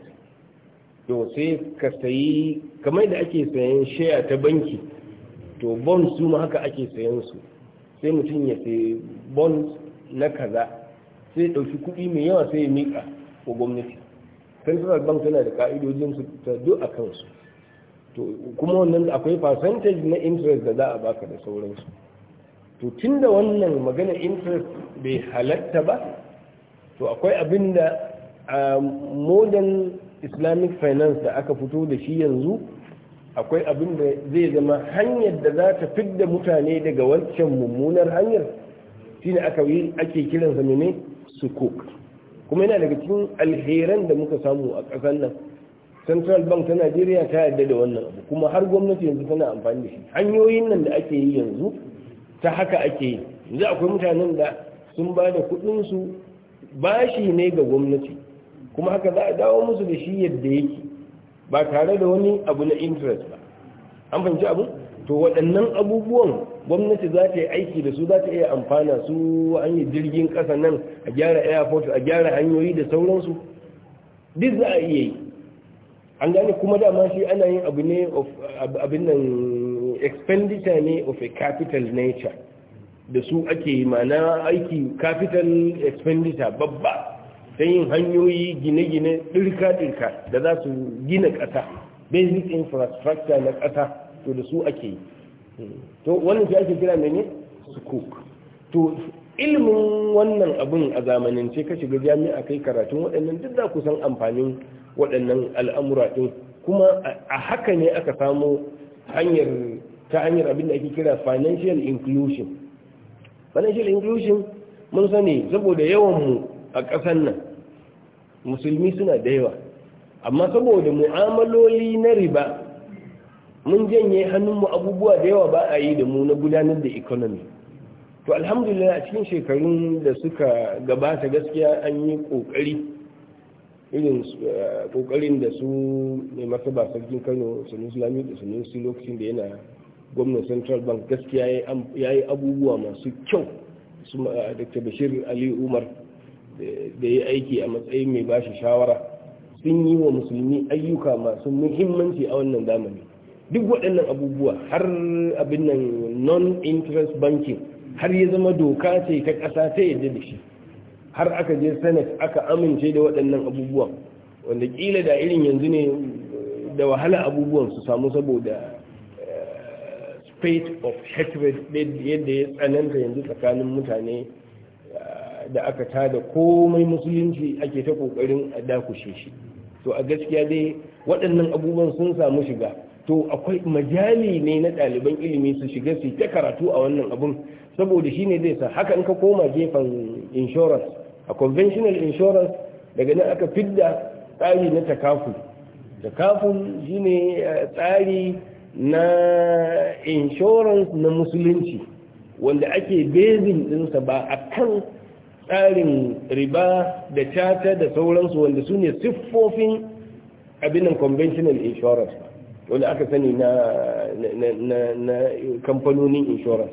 to sai ka sayi kamar da ake sayan share ta banki to bonds su ma haka ake sayan su sai mutum ya sayi bonds na kaza sai ɗauki kuɗi mai yawa sai ya mika ko gwamnati central bank tana da ka'idojin su ta duk a kansu to kuma wannan akwai percentage na interest da za a baka da sauransu to tunda wannan magana interest bai halatta ba to akwai abin da a modern islamic finance da aka fito da shi yanzu akwai abin da zai zama hanyar da za ta fidda mutane daga wancan mummunar hanyar shine aka yi ake kiransa su su kuma yana daga cikin alheran da muka samu a ƙasar nan central bank ta najeriya ta yarda da wannan abu kuma har gwamnati yanzu tana amfani da shi hanyoyin nan da ake yi yanzu ta haka ake yi yanzu akwai mutanen da sun ba da kudinsu bashi ne ga gwamnati kuma haka za a dawo musu da shi yadda yake ba tare da wani abu na interest ba an fahimci abu to waɗannan abubuwan gwamnati za ta yi aiki da su za ta iya amfana su an yi jirgin ƙasa nan a gyara airport a gyara hanyoyi da sauransu duk za a iya yi an gane kuma dama shi ana yin abu ne of abin nan expenditure ne of a capital nature da su ake mana aiki capital expenditure babba ta yin hanyoyi gine-gine ɗirka-ɗirka da za su gina ƙasa basic infrastructure na ƙasa to da su ake yi to wannan shi ake kira mene sukuk to ilimin wannan abin a zamanance ka shiga jami'a kai karatun waɗannan duk za ku san amfanin waɗannan al'amura ɗin kuma a haka ne aka samu hanyar ta hanyar abin da ake kira financial inclusion financial inclusion mun sani saboda yawanmu a ƙasar nan musulmi suna da yawa amma saboda mu'amaloli na riba mun janye hannunmu abubuwa da yawa ba a yi da mu na gudanar da economy to alhamdulillah a cikin shekarun da suka gabata gaskiya an yi kokari irin kokarin eh, da su ne ba sarkin kano sunan islami da sunan su lokacin da yana gwamnan central bank gaskiya ya yi abubuwa masu kyau su eh, dr bashir ali umar da ya aiki a matsayin mai bashi shawara sun yi wa musulmi ayyuka masu muhimmanci a wannan zamani duk waɗannan abubuwa har abin nan non-interest banking har ya zama doka ce ta ƙasa ta yadda da shi har aka je sanat aka amince da waɗannan abubuwan wanda ƙila da irin yanzu ne eh, da wahala abubuwan su samu saboda eh, state of hatred yadda ya tsananta yanzu tsakanin mutane eh, da aka tada komai musulunci ake ta ƙoƙarin a dakushe shi to a gaskiya dai waɗannan abubuwan sun samu shiga to akwai majali ne na ɗaliban ilimi su shiga su ta karatu a wannan abun saboda shi ne zai sa haka in ka koma gefen insurance a conventional insurance daga nan aka fidda tsari na takaful takaful shi ne eh, tsari na insurance na musulunci wanda ake bezin ɗinsa ba a kan tsarin riba da cata da sauransu wanda su ne siffofin abinan conventional insurance wanda aka sani na kamfanonin insurance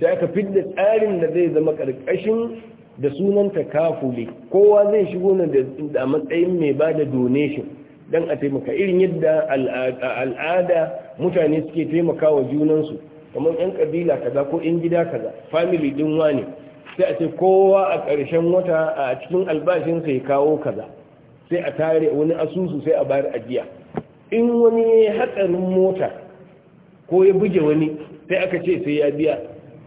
sai aka fidda tsarin da zai zama karkashin da sunanta kafuli kowa zai shigo na da matsayin mai bada donation don a taimaka irin yadda al'ada mutane suke taimakawa junansu kamar 'yan kabila kaza ko 'yan gida kaza family din wani sai a ce kowa a ƙarshen wata a cikin albashin ya kawo kaza sai a tare wani asusu sai a bayar ajiya in wani ya yi hatsarin mota ko ya buge wani sai aka ce sai ya biya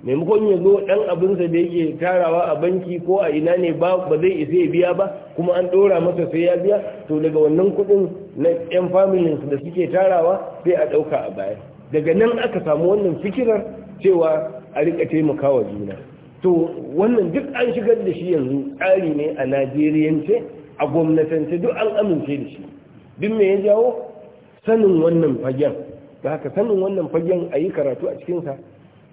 maimakon ya zo ɗan abinsa da yake tarawa a banki ko a ina ne ba zai isa ya biya ba kuma an ɗora masa sai ya biya to daga wannan kuɗin na 'yan familinsu da suke tarawa sai a ɗauka a baya daga nan aka samu wannan fikirar cewa a riƙa taimakawa juna to wannan duk an shigar da shi yanzu tsari ne a najeriyance a gwamnatance duk an amince da shi duk me ya jawo sanin wannan fagen da haka sanin wannan fagen a yi karatu a cikinsa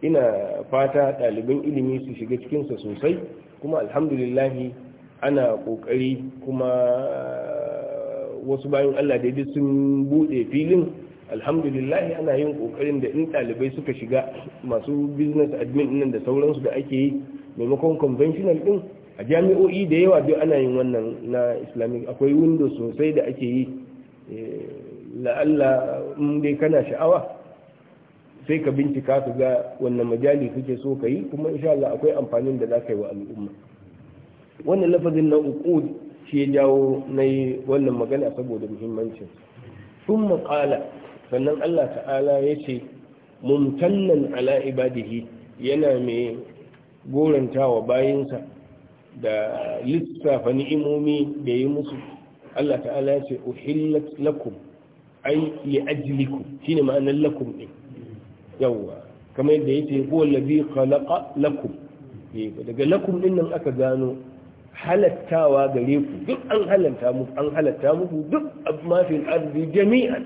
ina fata ɗaliban ilimi su shiga cikinsa sosai kuma alhamdulillahi ana ƙoƙari kuma eh, wasu bayan allah daidai sun buɗe filin alhamdulillahi ana yin ƙoƙarin da in ɗalibai suka shiga masu business admin nan da sauransu da ake yi maimakon conventional ɗin a jami'o'i da yawa duk ana yin wannan na islamic akwai windows sosai da ake yi eh, la'alla in dai kana sha'awa sai ka bincika ka ga wannan majali kake so ka yi kuma insha Allah akwai amfanin da za ka yi wa al'umma wannan lafazin na uqud shi ya jawo na yi wannan magana saboda muhimmancin sun maƙala sannan Allah ta'ala ya ce mumtannan ala ibadihi yana mai gorantawa bayansa da lissafa ni'imomi da yi musu Allah ta'ala ya ce uhillat lakum ai li ajlikum shine ma'anar lakum din yawa kamar yadda yake huwa allazi khalaqa lakum eh, daga lakum din nan aka gano halattawa gare ku duk an halatta mu an halatta muku duk ma fil ardi jami'an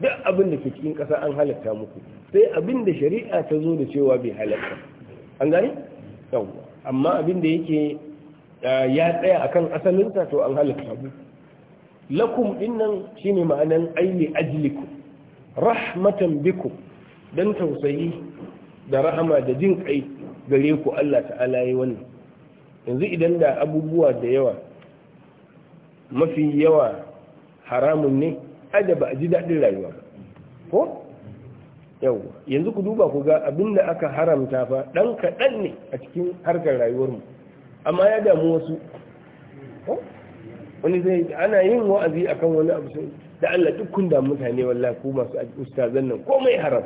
duk abin da ke cikin kasa an halatta muku sai abin da shari'a ta zo da cewa bai halatta an gane yawa amma abin da yake eh, ya tsaya akan asalinsa to an halatta muku lakum dinnan shine ma'anan aili ajliku, rahmatan biku, dan tausayi da rahama da jin kai gare ku Allah ta'ala yi wannan yanzu idan da abubuwa da yawa mafi yawa haramun ne aja ba a ji daɗin rayuwa ko yau yanzu ku duba ku ga abinda aka haramta fa ɗan kaɗan ne a cikin harkar rayuwarmu amma ya damu wasu wani zai ana yin wa'azi akan wani abu sun da Allah duk kun da mutane wallahi ku masu ustazan nan komai haram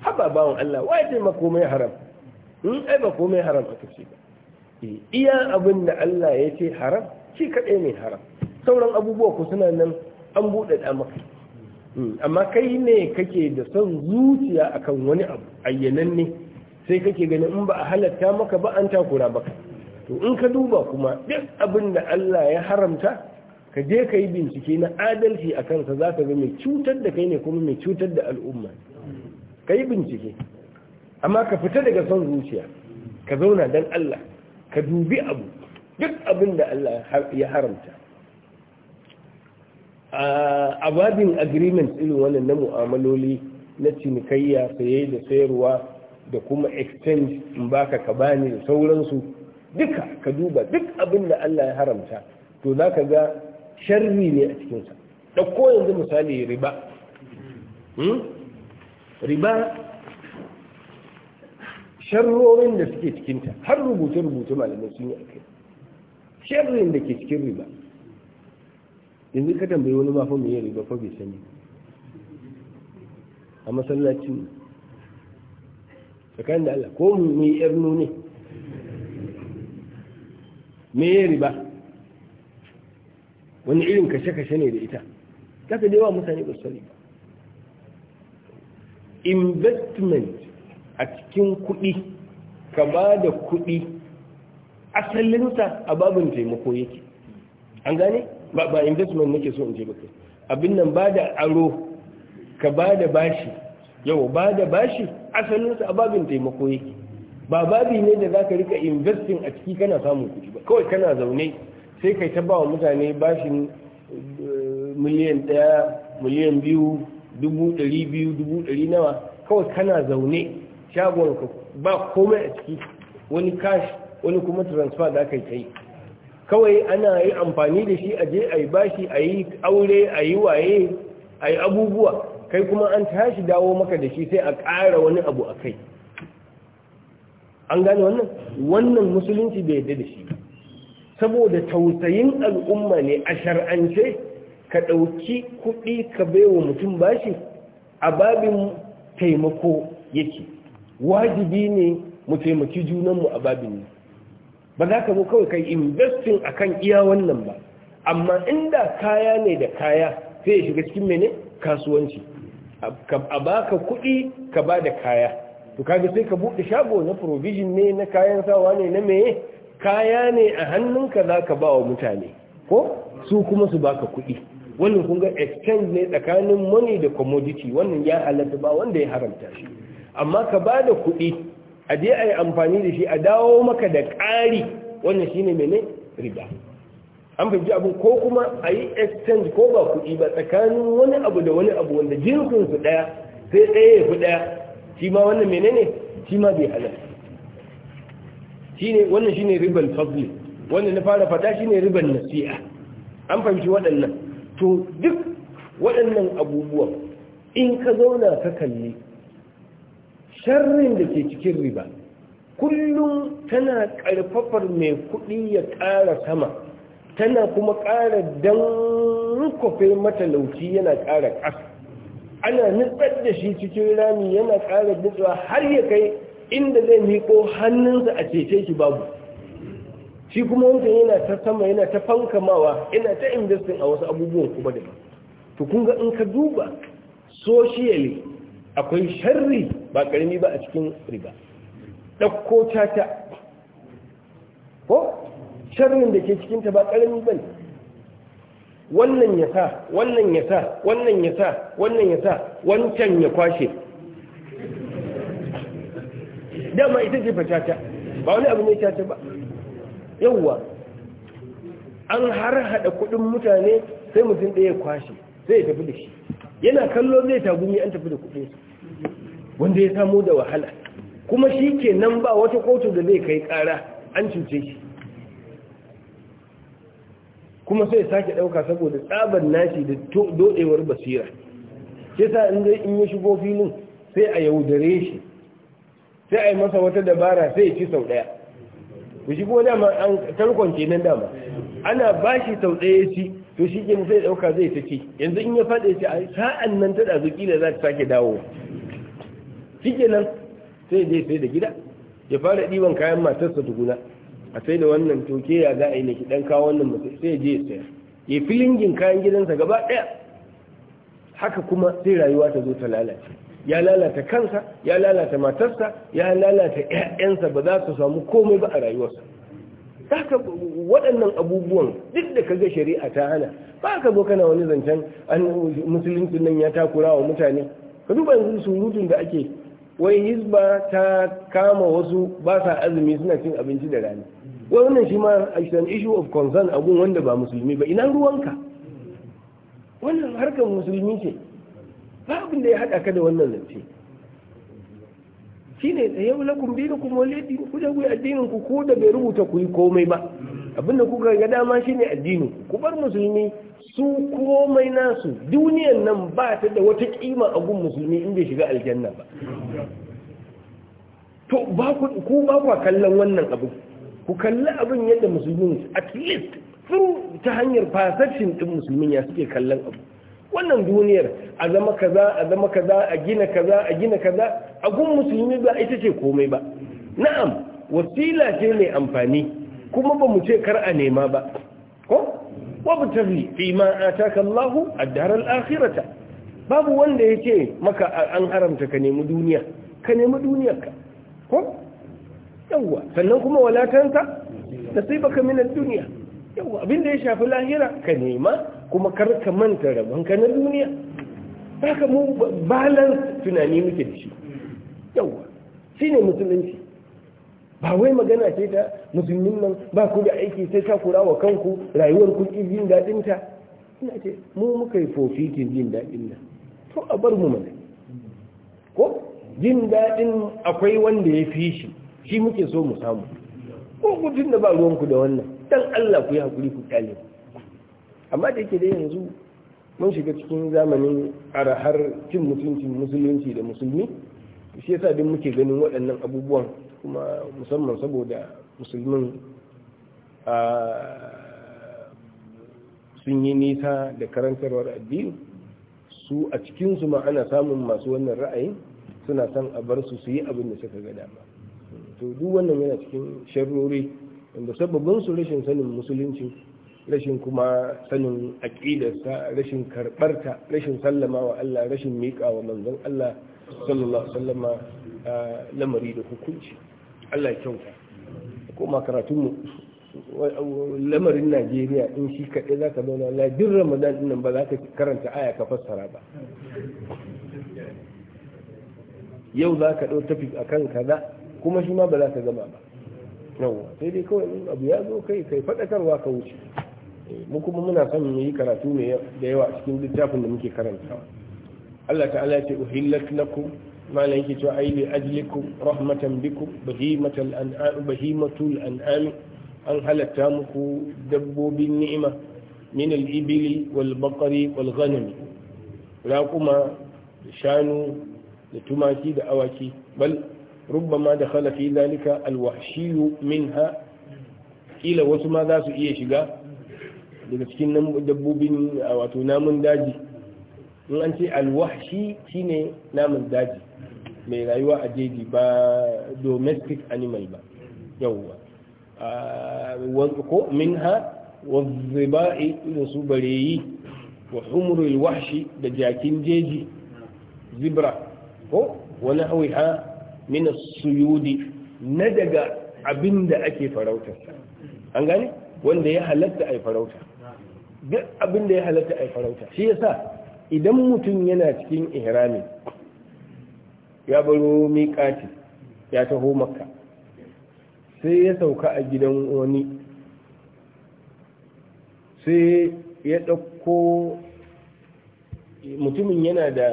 haba bawon Allah wai dai ma komai haram in hmm, ai ba komai haram aka ce ba eh, iya abin da Allah ya ce haram shi kadai ne haram sauran abubuwa ku suna nan an buɗe da maka hmm, amma kai ne kake da son zuciya akan wani abu ayyanan ne sai kake ganin in ba a halatta maka ba an takura baka to in ka duba kuma duk abin da Allah ya haramta ka je ka yi bincike na adalci a kansa za ka ga mai cutar da kai ne kuma mai cutar da al'umma ka yi bincike amma ka fita daga son zuciya ka zauna don Allah ka dubi abu duk abin da Allah ya haramta a babin agreement irin wannan na mu'amaloli na cinikayya saye da sayarwa da kuma exchange in baka ka bani da sauransu duka ka duba duk abin da Allah ya haramta to za ka ga sharri ne a cikinsa ɗauko yanzu misali riba hmm? riba sharrorin da suke cikinta har rubuce-rubuce malamai sun yi a kai sharrin da ke cikin riba yanzu ka tambayi wani mafi mai riba ko bai sani a masallacin tsakanin da Allah ko mai yar ne me ya riba wani irin kashe-kashe ne da ita kasa da yawa mutane ba sani investment a cikin kuɗi ka ba da kuɗi asalinsa a babin taimako yake an gane ba investment nake so in je baka abin nan ba da aro ka ba da bashi yau ba da bashi asalinsa a babin taimako yake ba babi ne da za ka rika investin a ciki kana samun kuɗi ba kawai kana zaune sai kai ta bawa mutane bashin eh, miliyan ɗaya miliyan biyu dubu ɗari biyu dubu ɗari nawa kawai kana zaune shagon ka ba komai a ciki wani cash wani kuma transfer da aka yi yi kawai ana yi amfani da shi a je a yi bashi a yi aure a yi waye a yi abubuwa kai kuma an tashi dawo maka da shi sai a ƙara wani abu a kai an gane wannan wannan musulunci bai yadda da shi saboda tausayin al'umma ne a shar'ance ka ɗauki kuɗi ka baiwa mutum bashi a babin taimako yake wajibi ne mu taimaki junanmu a babin ne ba za ka zo kawai kai investin akan iya wannan ba amma inda kaya ne da kaya sai ya shiga cikin mene kasuwanci a baka kuɗi ka ba da kaya to kaga sai ka buɗe shago na provision ne na kayan sawa ne na meye kaya ne a hannunka za ka ba wa mutane ko su kuma su baka kuɗi wannan kun ga exchange ne tsakanin money da commodity wannan ya halatta ba wanda ya haramta shi amma ka ba da kuɗi a je a yi amfani da shi a dawo maka da ƙari wannan shine mene riba an fahimci abu ko kuma a yi exchange ko ba kuɗi ba tsakanin wani abu da wani abu wanda jinsinsu ɗaya sai ɗaya ya fi ɗaya shi ma wannan menene shi ma bai shi ne wannan shine ribar fadli wannan na fara fada shine ribar nasi'a an fahimci waɗannan to duk waɗannan abubuwan in ka zauna ka kalli sharrin da ke cikin riba kullum tana ƙarfafar mai kuɗi ya ƙara sama tana kuma ƙara don kwafe matalauci yana ƙara ƙasa ana nutsar da shi cikin rami yana ƙara dutsuwa har ya kai inda zai miko hannunsa a cece shi babu shi kuma wancan yana ta sama yana ta fankamawa yana ta investin a wasu abubuwan kuma da to kun ga in ka duba socially akwai sharri ba karami ba a cikin riba ɗauko cata ko sharrin da ke cikinta ba karami ba ne wannan ya sa wannan ya sa wannan ya sa wannan ya sa wancan ya kwashe dama ita ce caca. ba wani abu ne caca ba yauwa an har hada kudin mutane sai mutum ɗaya kwashe sai ya tafi da shi yana kallo zai tagumi an tafi da kudin wanda ya samu da wahala kuma shi ke nan ba wata kotu da zai kai kara an cuce shi kuma sai sake ɗauka saboda tsabar nashi da dodewar basira ke sa in zai in ya shigo filin sai a yaudare shi sai a yi masa wata dabara sai ya ci sau ɗaya ku shigo dama an tarkon kenan dama ana bashi sau ɗaya shi to shi ke sai ɗauka zai ta yanzu in ya faɗe ci a sa'an nan ta ɗazu kila za ta sake dawo shi kenan sai dai sai da gida ya fara ɗiban kayan matarsa tukuna a sai da wannan toke ya za a yi naki ɗan kawo wannan mutum sai je sayar ya fi lingin kayan gidansa gaba ɗaya haka kuma sai rayuwa ta zo ta lalace ya lalata kansa ya lalata matarsa ya lalata ƴaƴansa ba za su samu komai ba a rayuwarsa haka waɗannan abubuwan duk da kaga shari'a ta hana ba ka zo kana wani zancen an musulunci nan ya takura wa mutane ka duba yanzu surutun da ake wai hizba ta kama wasu ba sa azumi suna cin abinci da rani wai wannan shi ma an issue of concern abun wanda ba musulmi ba ina ruwanka wannan harkar musulmi ce ba abin da ya haɗa ka da wannan zance shine tsaye lakum dinukum waliyadi ku da ku addinin ku ko da bai rubuta ku komai ba abinda kuka ga dama shine addini ku bar musulmi su komai nasu duniyan nan ba ta da wata kima a gun musulmi in bai shiga aljanna ba to ba ku ba kallon wannan abu ku kalli abin yadda musulmi at least ta hanyar perception din musulmi ya suke kallon abu wannan duniyar a zama kaza a zama kaza a gina kaza a gina kaza a gun musulmi ba ita ce komai ba na'am wasila ce mai amfani kuma ba mu ce kar a nema ba ko wabtafi fi ma ataka Allah ad-dar al-akhirata babu wanda ce maka an haramta ka nemi duniya ka nemi ka, ko yawwa sannan kuma walatansa tansa nasibaka min ad-dunya yawwa abin da ya shafi lahira ka nema kuma kar ka manta rabon ka na duniya haka mu balance tunani muke da shi yawwa shine musulunci ba wai magana ce ta musulmin nan ba ku da aiki sai ka kura wa kanku rayuwar ku jin daɗin ta ina ce mu muka yi fofikin jin daɗin nan to a bar mu mana ko jin daɗin akwai wanda ya fi shi shi muke so mu samu ko gudun da ba ruwan ku da wannan dan Allah ku yi hakuri ku kyale amma da yake da yanzu mun shiga cikin zamanin arahar cin mutunci, musulunci da musulmi shi yasa din muke ganin waɗannan abubuwan kuma musamman saboda musulmin sun yi nisa da karantarwar addini su a cikinsu ma ana samun masu wannan ra'ayin suna son a bar su su yi abin da suka ga dama to duk wannan yana cikin sharrori wanda sababbin su rashin sanin musulunci rashin kuma sanin aqidarsa rashin karbarta rashin sallama wa Allah rashin miƙa wa manzon Allah sallallahu alaihi wasallama lamari da hukunci Allah ya kyauta kuma karatunmu lamarin najeriya in shi kaɗai za ka zauna la duk ramadan nan ba za ka karanta aya ka fassara ba yau za ka ɗau tafi a kan kaza kuma shi ma ba za ka gama ba yawwa sai dai kawai in abu ya zo kai kai faɗakarwa ka wuce eh, mu kuma muna son mu yi karatu ne da yawa a cikin littafin da muke karantawa Allah ta'ala ya ce uhillat lakum ma la yake cewa ai li ajlikum rahmatan bikum bahimatul an'am bahimatul an'am an halatta muku dabbobin ni'ima min al-ibili wal baqari wal ghanam kuma shanu da tumaki da awaki bal ربما دخل في ذلك الوحشي منها إلى وسما ذا iya shiga daga cikin dabbobin wato namun daji in an ce alwashi shine namun daji mai rayuwa a jeji ba domestic animal ba yawwa ko minha wazziba'i irin su bareyi wa humrul wahshi da jakin jeji zibra ko wani hauha min suyudi na daga abin da ake farauta an gane wanda ya halatta a farauta duk abin da ya halatta a farauta shi sa idan mutum yana cikin ihrami ya baro miƙati ya taho makka sai ya sauka a gidan wani sai ya ɗauko mutumin yana da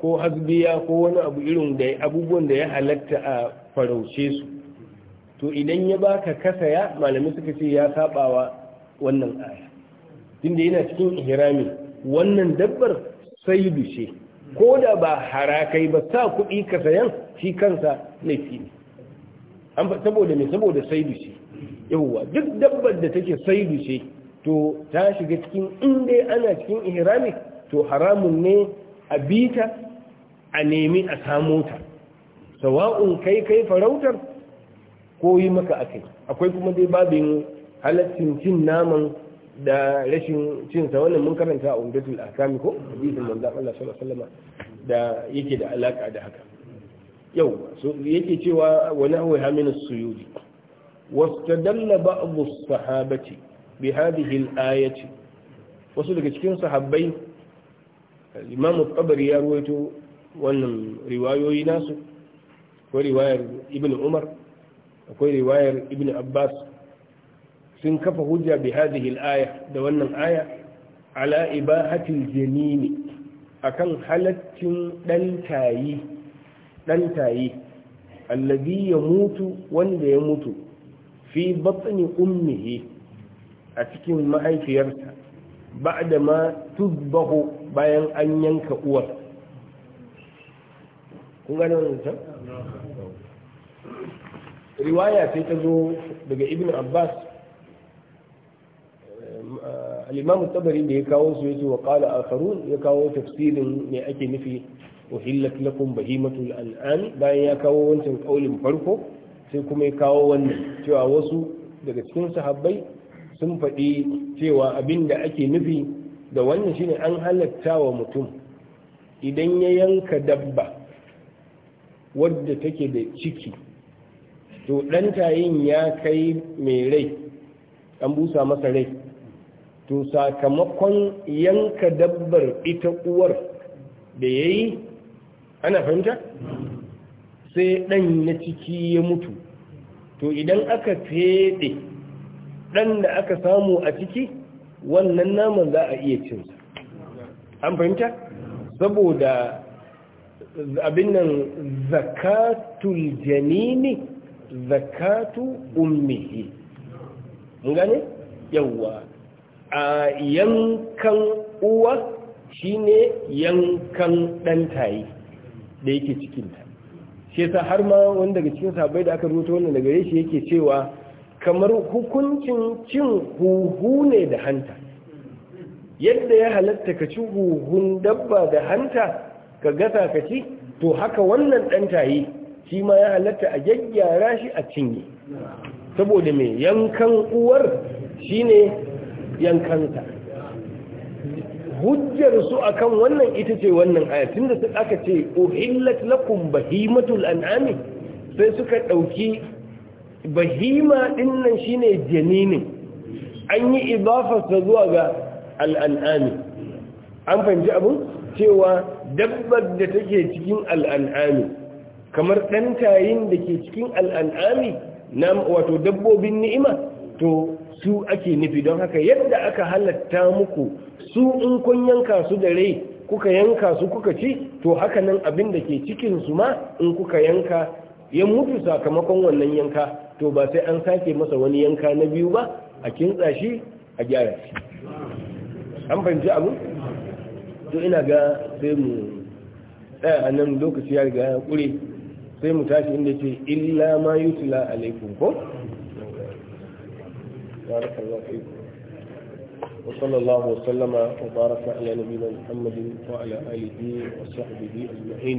ko hasbiya ko wani abu irin da abubuwan da ya halatta a farauce su to idan ya baka kasaya malamai suka ce ya sabawa wannan aya tunda yana cikin ihrami wannan dabbar sai ce ko da ba harakai ba sa kuɗi ka sayan shi kansa laifi ne An saboda me saboda sai ce yawwa duk dabbar da take sai ce to ta shiga cikin inda ana cikin ihrami to haramun ne a bita a nemi a samu ta sawa'un kai kai farautar ko yi maka kai akwai kuma dai babin halaccin cin naman da rashin cin sa wannan mun karanta a umdatul akami ko hadisin manzo Allah sallallahu alaihi wasallam da yake da alaka da haka yau so yake cewa wani awai hamin suyudi wastadalla ba'd as-sahabati bi hadhihi al-ayati wasu daga cikin sahabbai imam tabari ya ruwaito wannan riwayoyi nasu akwai riwayar ibn umar akwai riwayar ibn abbas sun kafa hujja bi hadhihi al-aya da wannan aya ala ibahati al-janini akan halaccin dan tayi dan tayi alladhi yamutu wanda ya mutu fi batni ummihi a cikin mahaifiyarsa ba'da ma tuzbahu bayan an yanka uwar kun gane wannan ta? riwaya sai ta zo daga ibn abbas al-imam tabari da ya kawo su yace wa qala akharun ya kawo tafsirin me ake nufi uhillat lakum al an'am bayan ya kawo wancan kaulin farko sai kuma ya kawo wannan cewa wasu daga cikin sahabbai sun faɗi cewa abinda ake nufi da wannan shine an halatta wa mutum idan ya yanka dabba wadda take da ciki to dan tayin ya kai mai rai an busa masa rai to sakamakon yanka dabbar ita uwar da ya yi ana fahimta sai dan na ciki ya mutu to idan aka fede dan da aka samu a ciki wannan naman za a iya cin an fahimta saboda abin nan zakatul janini zakatu ummihi mun gane yawa a yankan uwa shine yankan dan tayi da yake cikinta shi yasa har ma wani daga cikin sabai da aka rubuta wannan daga shi yake cewa kamar hukuncin cin huhu ne da hanta yadda ya halatta ka ci huhun dabba da hanta ka gasa ka ci to haka wannan ɗan tayi shi ma ya halatta a gyaggyara shi a cinye saboda mai yankan uwar shine yankanta hujjar su akan wannan ita ce wannan da da aka ce uhillat lakum bahimatul an'ami sai suka ɗauki bahima din nan shine janinin an yi ibafarsa zuwa ga al'an'ami an fahimci abin cewa dabbar da take cikin al'an'ami kamar ɗantayin da ke cikin al'an'ami na wato dabbobin ni'ima to su ake nufi don haka yadda aka halatta muku su in kun yanka su da rai kuka yanka su kuka ci to haka nan abin da ke cikin su ma in kuka yanka ya mutu sakamakon wannan yanka to ba sai an sake masa wani yanka na biyu ba a kintsa shi a gyara shi an fahimci abu to ina ga sai mu tsaya a nan lokaci ya riga kure sai mu tashi inda ce illa ma yutula alaikum ko بارك الله وصلى الله وسلم وبارك على نبينا محمد وعلى آله وصحبه أجمعين